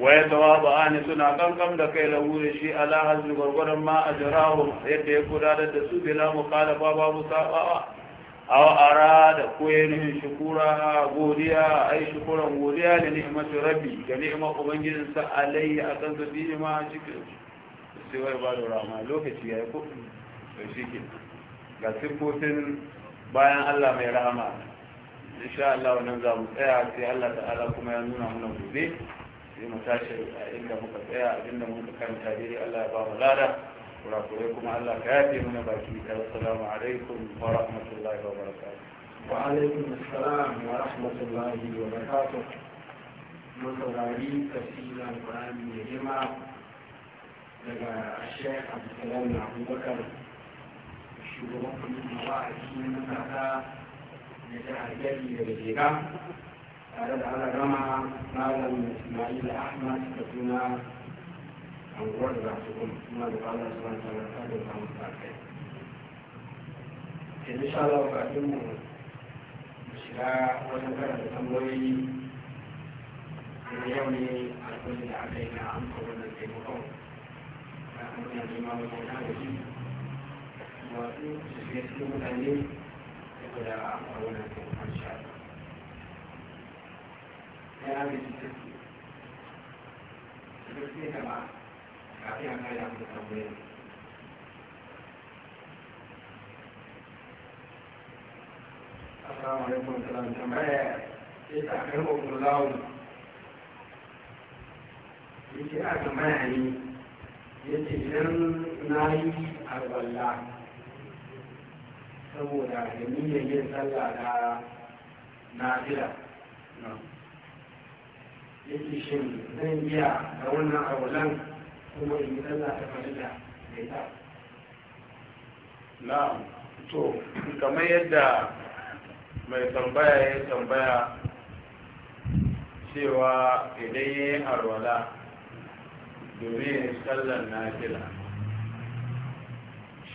waya tawaba ani suna kankan da kai lahu da shi ala hazbi gwargwaron ma a jirahun yadda ya gudanar da su bila mukhalafa babu sabawa aw arada ko ya nufin shukura godiya a ai shukuran godiya da ni'matu rabbi da ni'mar ubangijin sa alayhi akan su bi ma cikin sai wai ba da rama lokaci ya yayi ko to shike ga sifofin bayan Allah mai rahama insha Allah wannan za mu tsaya sai Allah ta'ala kuma ya nuna mana gobe sai mu tashi a inda muka tsaya abinda muka karanta dai Allah ya ba mu lada kurakurai kuma Allah ka yafe mana baki da assalamu alaikum wa rahmatullahi wa barakatuh wa alaikum assalam wa rahmatullahi wa barakatuh mun saurari tafsirin Qur'ani mai girma daga Sheikh Abdulsalam Abubakar shugaban kuma ma'aikaci na kasa da jihar Gari daga Jega tare da ana gama malam ismail ahmad da suna anguwar da su kuma suna da kwanar suna tare da da samun sakai yanzu sha Allah bukatun mu shiga wajen da tambayoyi da yau ne alkulli da aka yi na amsa wannan taimakon na kuma yanzu ma da shi, masu su fiye cikin mutane da kuma a wannan taimakon shi ya rami shi tafi da gaske gaba kafin a kare abu da tambayar Assalamu alaikum salam tambaya ita a karɓar kulawun yake a tambaya ne yake idan na yi alwala saboda da niyyar yin sallah na na fila yake shin zan iya da wannan awalan kuma in yi sallah ta farilla da ita na'am to kamar yadda mai tambaya ya tambaya cewa idan ya yi arwala domin ya sallar na nafila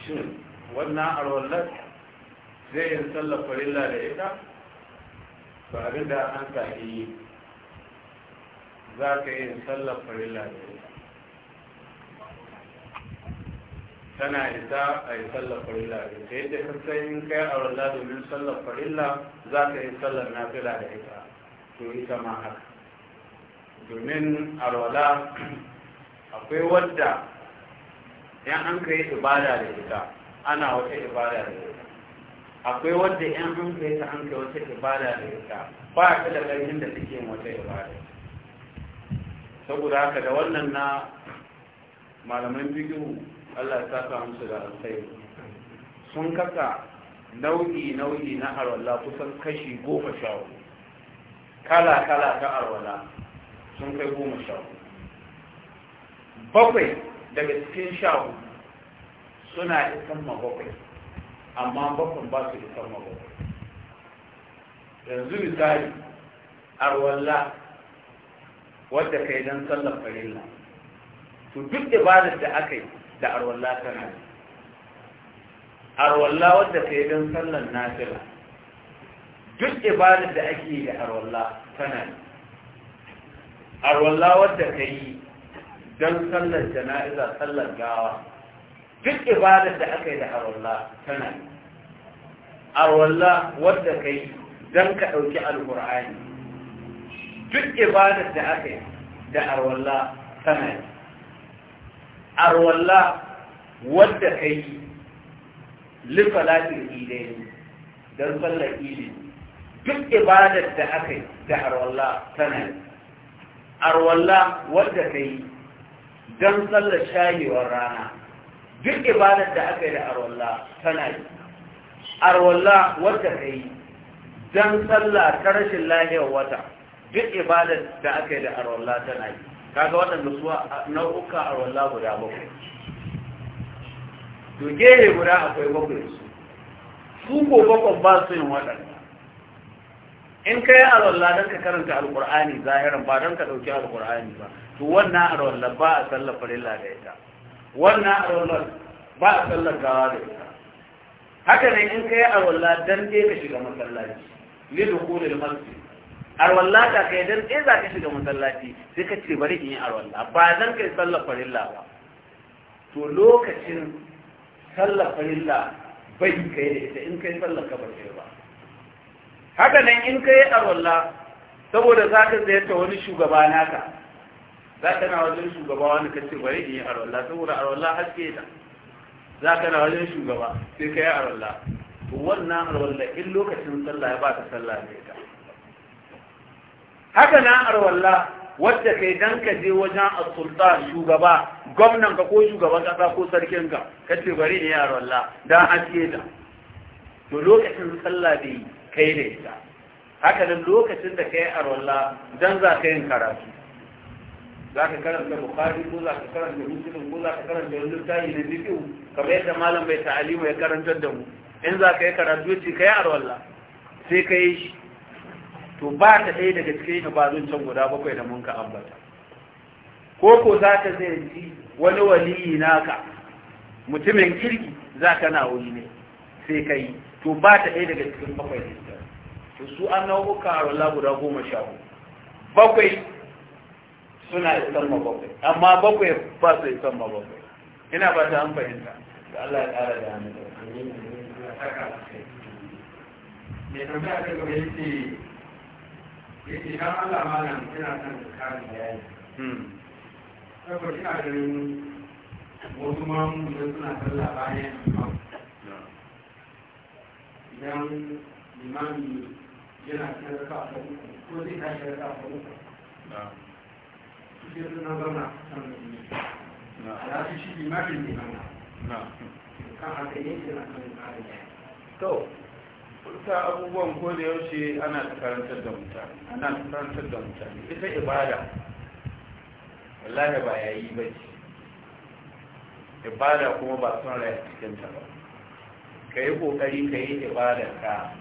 shin wannan arwalar zai yi sallar farilla da ita ba abin da an yi. za ka yi sallar farilla da ita tana isa a yi sallar farilla da ita yadda ka sai in kai a walla domin sallar farilla za ka yi sallar nafila da ita to ita ma haka domin arwala <clears throat> akwai wadda yan an kai ibada da ita ana wata ibada da ita akwai wadda yan an kai ta an kai wata ibada da ita ba ta da ganin da take wata ibada saboda haka da wannan na malaman bidiyo allah ya saka musu da alkhairi sun kasa nau'i nau'i na arwala kusan kashi goma sha kala kala ta arwala sun kai goma sha bakwai daga cikin sha suna isan ma bakwai amma bakwai ba su isan ma bakwai yanzu misali arwala wadda kai don sallar farilla to duk ibadar da aka yi da arwalla tana arwalla wadda kai don sallar nafila duk ibadar da ake yi da arwalla tana arwalla wadda ka yi don sallar jana'iza sallar gawa duk ibadar da aka yi da arwalla tana arwalla wadda ka yi don ka ɗauki alkur'ani duk ibadar da aka yi da arwalla tana yi arwalla wadda ka yi lifalatin idai don sallar idai duk ibadar da aka yi da arwalla tana yi arwalla wadda ka yi don sallar shayewar rana duk ibadar da aka yi da arwalla tana yi arwalla wadda ka yi don sallar ta rashin lahiyar wata duk ibadar da aka yi da arwalla tana yi kaga waɗanda na nau'uka arwalla guda bakwai to gehe guda akwai bakwai su su ko bakwai ba su yin waɗanda in ka yi arwalla don ka karanta alƙur'ani zahiran ba don ka ɗauki alƙur'ani ba to wannan arwalla ba a sallar farilla da ita wannan arwalla ba a sallar gawa da ita haka ne in ka yi arwalla don dai ka shiga masallaci lidu kulil masjid arwalla ka kai dan sai za ka shiga masallaci sai ka ce bari in yi arwalla ba zan kai sallar farilla ba to lokacin sallar farilla bai kai da ita in kai sallar ka bai ba haka nan in kai arwalla saboda za ka ziyarta wani shugaba naka za ka na wajen shugaba wani ka ce bari in yi arwalla saboda arwalla haske ta za ka na wajen shugaba sai ka yi arwalla wannan arwalla in lokacin sallah ya ba ta sallah ne ta haka na arwalla wadda kai dan ka je wajen asulta shugaba gwamnan ka ko shugaban kasa ko sarkin ka kace bari ne arwalla dan haske ta to lokacin sallah da kai da ita haka nan lokacin da kai arwalla dan za ka yin karatu za ka karanta bukari ko za ka karanta muslim ko za ka karanta wani littafi na biyu kamar yadda malam bai ta'alima ya karantar da mu in za ka yi karatu ce ka yi arwalla sai ka yi shi to ba ta ɗaya daga cikin can guda bakwai da mun ka ambata ko ko za ka zai wani waliyi naka mutumin kirki za ka na wuri ne sai ka yi to ba ta ɗaya daga cikin bakwai da to su an nau'uka a rola guda goma sha bakwai suna isan ma bakwai amma bakwai ba su isan ma bakwai ina ba ta an fahimta da Allah ya ƙara da hannu da wani. Mai tambaya ta gaba yake yake kan Allah nan ina son ka kare bayani hmm. saboda ina ganin wasu mamu da suna sallah bayan idan imami yana cikin raka a uku ko zai ta raka a uku suke suna zauna kan mutum ya fi shi limamin ne kan haka yake na kan kare bayani ta abubuwan ko da yaushe ana ta karantar da mutane ana ta karantar da mutane ita ibada wallahi ba yayi ba ce ibada kuma ba son rai cikin ta ba ka yi kokari ka yi ibada ka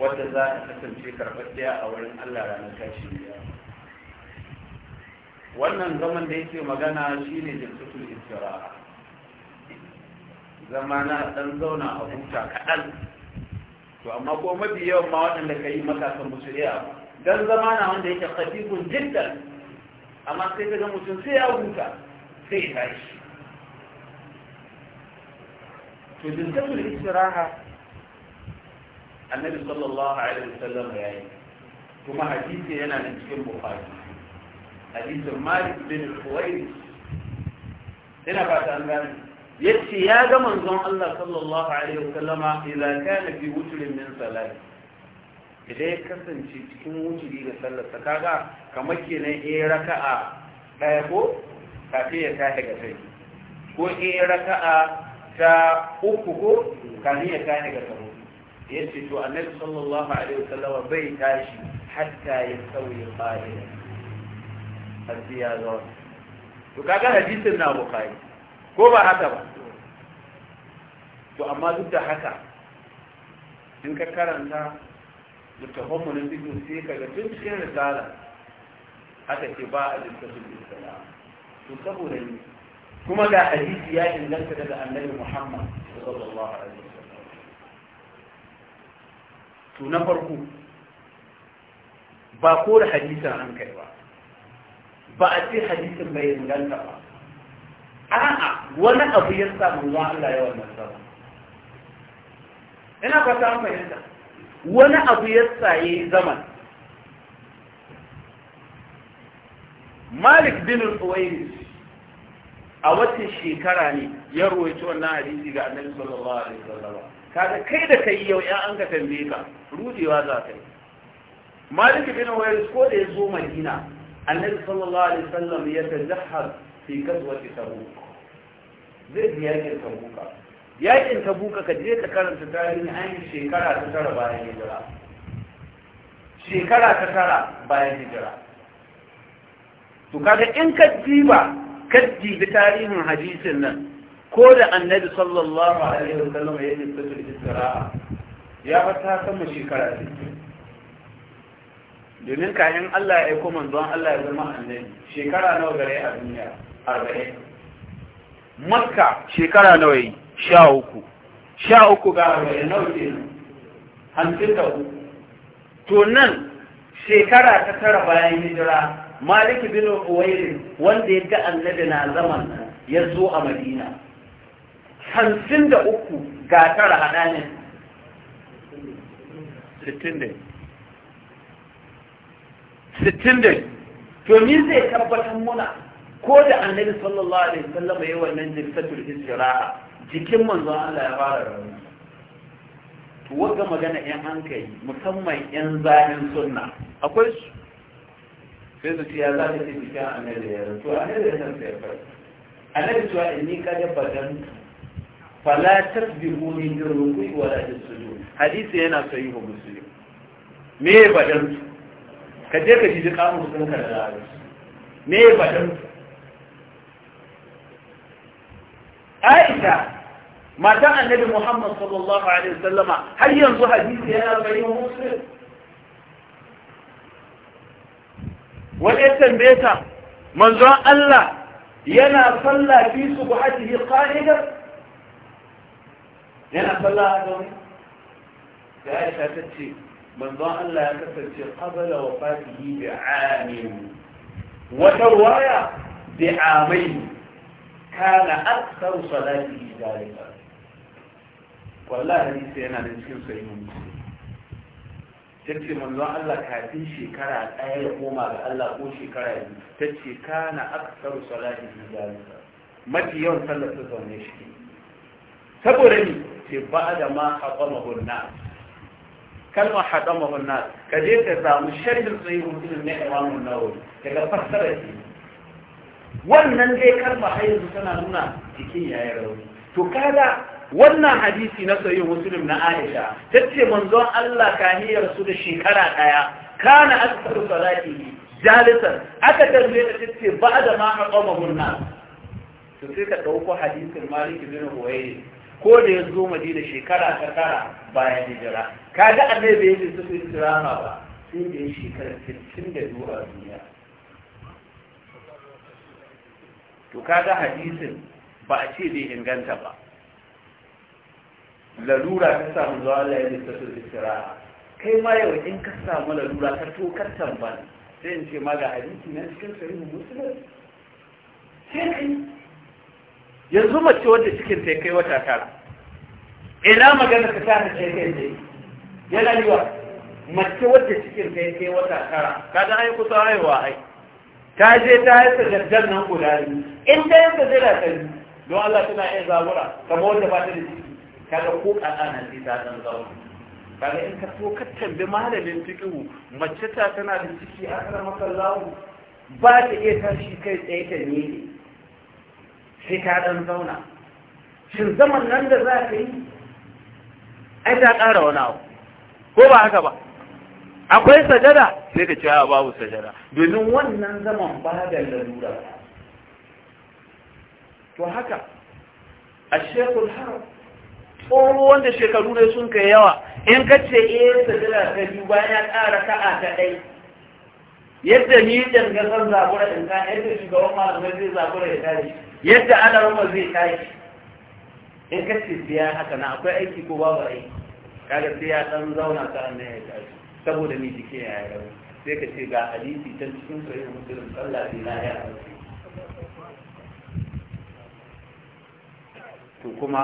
wadda za ka kasance ɗaya a wurin allah ranar tashi biya wannan zaman da yake magana shine jinsutul istira'a zama na ɗan zauna a huta kaɗan to amma ko mafi yawan ma waɗanda ka yi matasan musu iya don zama na wanda yake khafifun jiddan amma sai ka ga mutum sai ya huta sai ya tashi to dinkatul istiraha annabi sallallahu alaihi wasallam ya yi kuma hadisi yana da cikin bukhari hadisin malik bin al-khuwairis yana ba ta an gane yace ya ga manzon Allah sallallahu alaihi wasallama idan kana fi wutrin min salati idan ya kasance cikin wuturi da sallarsa kaga kamar kenan eh raka'a ɗaya ko kafin ya tashi ga sai ko eh raka'a ta uku ko kafin ya tashi ga sai yace to annabi sallallahu alaihi Wasallama bai tashi hatta ya sauya qa'ida har sai ya zo to kaga hadisin na bukhari ko ba haka ba to amma duk da haka in ka karanta littafin mu na zikin sai ka ga tun cikin risala haka ce ba a littafin risala to saboda ne kuma ga hadisi ya inganta daga annabi muhammad sallallahu alaihi wasallam to na farko ba ko da hadisin an kai ba ba a ce hadisin bai inganta ba a'a wani abu ya sa manzon Allah ya wannan sallah ina fata an fahimta wani abu ya sa yayi zaman Malik bin al-Uwais a wata shekara ne ya ruwaito wannan hadisi ga Annabi sallallahu alaihi wasallam kaga kai da kai yau ya an ka tambaye ka rudewa za ka yi Malik bin Uwais ko da ya zo Madina Annabi sallallahu alaihi wasallam ya tazahhar fi kasuwaci tabuk zai ji yakin tabuka yakin tabuka ka je ka karanta tarihi an shekara ta tara bayan hijira shekara ta tara bayan hijira to kaga in ka jiba ka jibi tarihin hadisin nan ko da annabi sallallahu alaihi wasallam ya yi tsaye da ya fata sama shekara 60 domin kayan Allah ya kuma don Allah ya zama annabi shekara nawa gare a duniya 40 makka shekara nawa yi Sha uku. Sha uku ga arba'in nawa ke hamsin da uku to nan shekara ta tara bayan hijira malik bin uwairin wanda ya ga annabi na zaman nan ya zo a madina hamsin da uku ga tara haɗanin ne. sittin to ni zai tabbatar muna ko da annabi sallallahu alaihi wasallam yayin wannan jinsatul istiraha jikin manzon Allah ya fara rauni to wanda magana yan hankali musamman yan zanin sunna akwai su sai su ya za ta ce jikin annabi ya rasu annabi ya san sai fa annabi ni ka kada badan fala tasbihu min ruku'i wala tasjud hadisi yana sahihu muslim me badan su ka je ka ji duk amu sun ka da zaɓe me ya faɗin Aisha matan annabi Muhammad sallallahu alaihi wasallama har yanzu hadisi yana bayin muslim wani ya tambaye ta manzon Allah yana sallah fi subuhatihi qa'idan yana sallah a zaune da Aisha ta ce manzon Allah ya kasance qabala wafatihi bi amin wata ruwaya bi amain kana akthar salatihi dalika wallahi hadisi yana da cikin sahihin muslim tace manzon Allah kafin shekara ɗaya ya koma ga Allah ko shekara biyu tace kana akthar salatihi dalika mafi yawan sallar ta zaune shi saboda ni ce ba da ma haƙa mahurna kalmar haɗamahu na ka je ka samu sharhin tsayin mutum na imamun nawawi daga fassara ce wannan dai kalmar har tana nuna jikin yayin rauni to wannan hadisi na sayin musulun na aisha ta ce manzon allah kaniyar su da shekara ɗaya kana aksaru salati jalisan aka tarbe da ce ba da ma haƙamahu na to sai ka ɗauko hadisin maliki bin huwaye ko da ya zo madina shekara ta kara bayan hijira kaga annabi bai yi su sun rana ba sai da yi shekara 62 a duniya to kaga hadisin ba a ce bai inganta ba lalura ta samu zuwa Allah ya lissa su kai ma yau in ka samu lalura ta to kar sai in ce ma ga hadisi na cikin sahihu muslim sai kai yanzu mace wadda cikin ta kai wata tara ina magana ka ta ta kai kai yana mace wadda cikin kai kai wata tara da ai kusa haihuwa ai ta je ta haifa daddan nan guda biyu in ta yanka zai da kari don Allah tana iya zabura kamar wanda ba ta da ciki kaga ko ƙanƙanan sai ta san zabura kaga in ka so ka tambi malamin fiqhu mace ta tana da ciki a kan masallahu ba ta iya tashi kai tsaye ta ne sai ta dan zauna shin zaman nan da za ka yi ai ta ƙara wani abu ko ba haka ba akwai sajada sai ka cewa ah, babu sajada domin wannan zaman ba da lalura to haka a shekul haram tsoro wanda shekaru ne sun kai yawa in ka ce eh sajada ta biyu bayan ya ƙara ka'a ta ɗai yadda ni zan zabura in ka yadda shugaban malamai zai zabura ya tashi yadda ana rama zai tashi in ka ce biya haka na akwai aiki ko babu aiki kaga sai ya dan zauna ta annan ya tashi saboda ni jike ya yi rauni sai ka ce ga hadisi ta cikin sahih muslim sallah dina ya rauni to kuma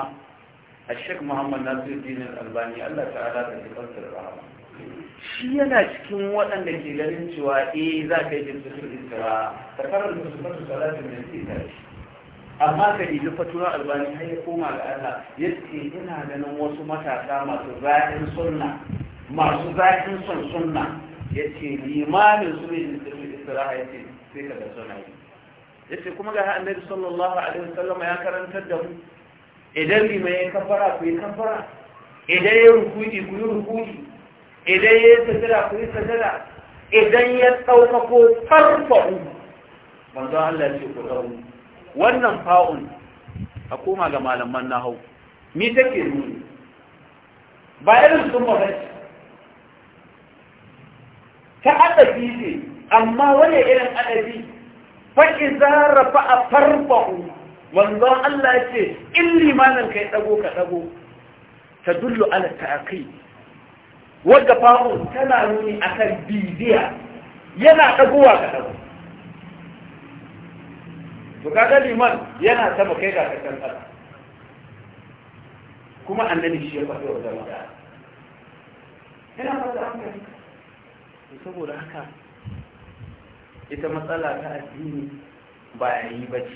ashek muhammad nasiruddin albani allah ta'ala ta ji kansa rahama shi yana cikin waɗanda ke ganin cewa eh za ka yi jinsu su isra ta karar da su kasu salatin da ke tashi amma ka lufatu na albani har ya koma ga Allah ya ce ina ganin wasu matasa masu zaɗin sunna masu zaɗin son sunna ya ce limamin su ne da su istiraha ya ce sai ka ga suna yi ya ce kuma ga annabi sallallahu alaihi wasallam ya karantar da mu idan lima ya kafara ku yi kafara idan ya rukuni ku yi rukuni idan ya sajada ku yi sajada idan ya ɗaukako farfa'u manzo Allah ce ku ɗauki wannan fa'un a koma ga malaman na hau mi take nuni ba irin sun mabaci ta adabi ne amma wani irin adabi faƙi zarafa fa a farfa'u wanzan Allah ce in limanin ka ya ɗago ka ɗago ta dullu ala ta'aƙi wadda fa'un tana nuni akan bidiya yana ɗagowa ka ɗago to kaga liman yana sama kai ga kasan ƙasa kuma annabi shi ya faɗi wa jama'a ina faɗa hankali saboda haka ita matsala ta addini ba a yi ba ce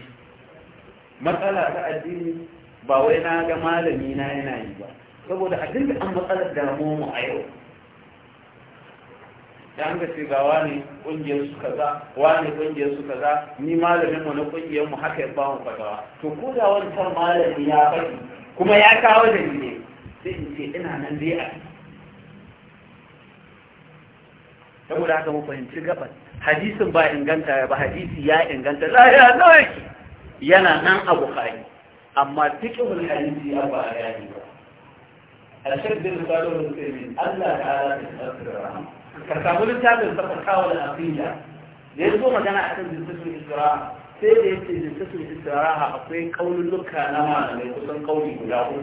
matsala ta addini ba wai na ga malami na yana yi ba saboda a dinga an matsalar damuwa mu a yau da an gace ga wani kungiyar su kaza wani kungiyar su kaza ni malamin mu na kungiyar mu haka ya ba mu fatawa to ko da wancan malami ya faɗi kuma ya kawo da ni ne sai in ce ina nan dai a saboda haka mu fahimci gabas hadisin ba inganta ba hadisi ya inganta la ya nawaki yana nan a bukhari amma fiqhul hadisi ya ba ya ni ba al-shadd al-qawl al-muslimin Allah ta'ala ta rahama ka samu littafin fasaha da aqida da ya zo magana akan jinsatul isra'a sai da yake jinsatul isra'a akwai kaululuka na malamai kusan kauli guda uku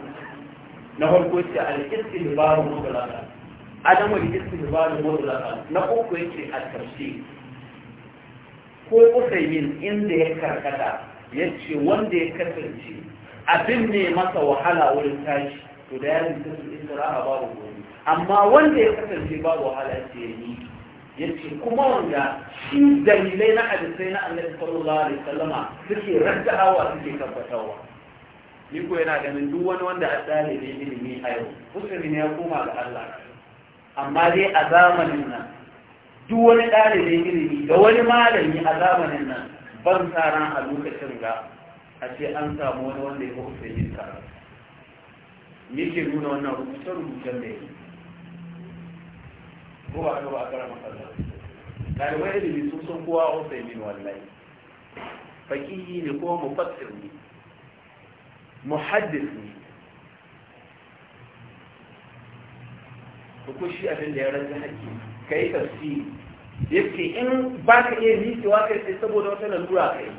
na farko ce al-istihbaru mutlaqa adam al-istihbaru mutlaqa na uku yake a tafsir ko Usaimin inda ya karkata ya ce wanda ya kasance abin ne masa wahala wurin tashi to da ya jinsatul isra'a babu amma wanda ya kasance babu wahala ce ya yi ce kuma wanda shi dalilai na hadisai na annabi sallallahu alaihi wasallama suke raddawa suke tabbatawa ni ko yana ganin duk wani wanda a ne ilimi a yau musulmi ne ya koma ga Allah amma dai a zamanin nan duk wani ne ilimi da wani malami a zamanin nan ban tsara a lokacin ga a ce an samu wani wanda ya fi yin sa ni ke nuna wannan rubuce-rubucen da ko ba haka ba a kara matsala ɗalibai ilimi sun sun kowa a usaimin wallahi faƙihi ne ko mufassir ne muhaddis ne ko shi abin da ya rage haƙƙi kai tafsiri yake in ba ka iya miƙewa kai sai saboda wata lalura kai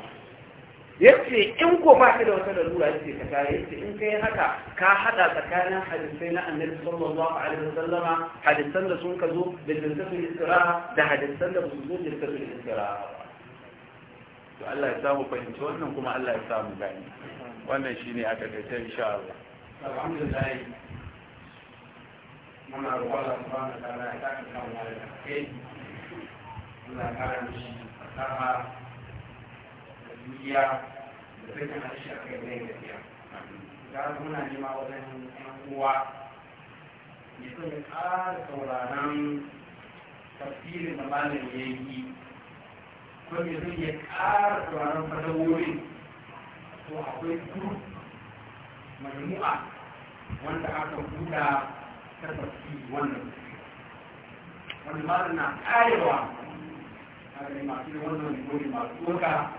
yace in ko ba ka da wata lalura yace ka kare yace in kai haka ka hada tsakanin hadisai na annabi sallallahu alaihi wasallam hadisan da sun kazo da jinsatul istiraha da hadisan da su zo jinsatul istiraha to Allah ya samu fahimci wannan kuma Allah ya samu gani wannan shine aka ga ta insha Allah alhamdulillah muna roƙon Allah subhanahu wa ta'ala ya saka mu da Allah ya kare mu shi zuciya da sakin harshe a kai zai gaskiya ga muna nema wajen yan uwa ya so ya ƙara sauraron tafsirin da malam ya yi ko ya so ya ƙara sauraron fasahohin to akwai group majmu'a wanda aka buɗa ta tafsiri wannan wani malam na ƙarewa a ganin masu wannan gori masu tsoka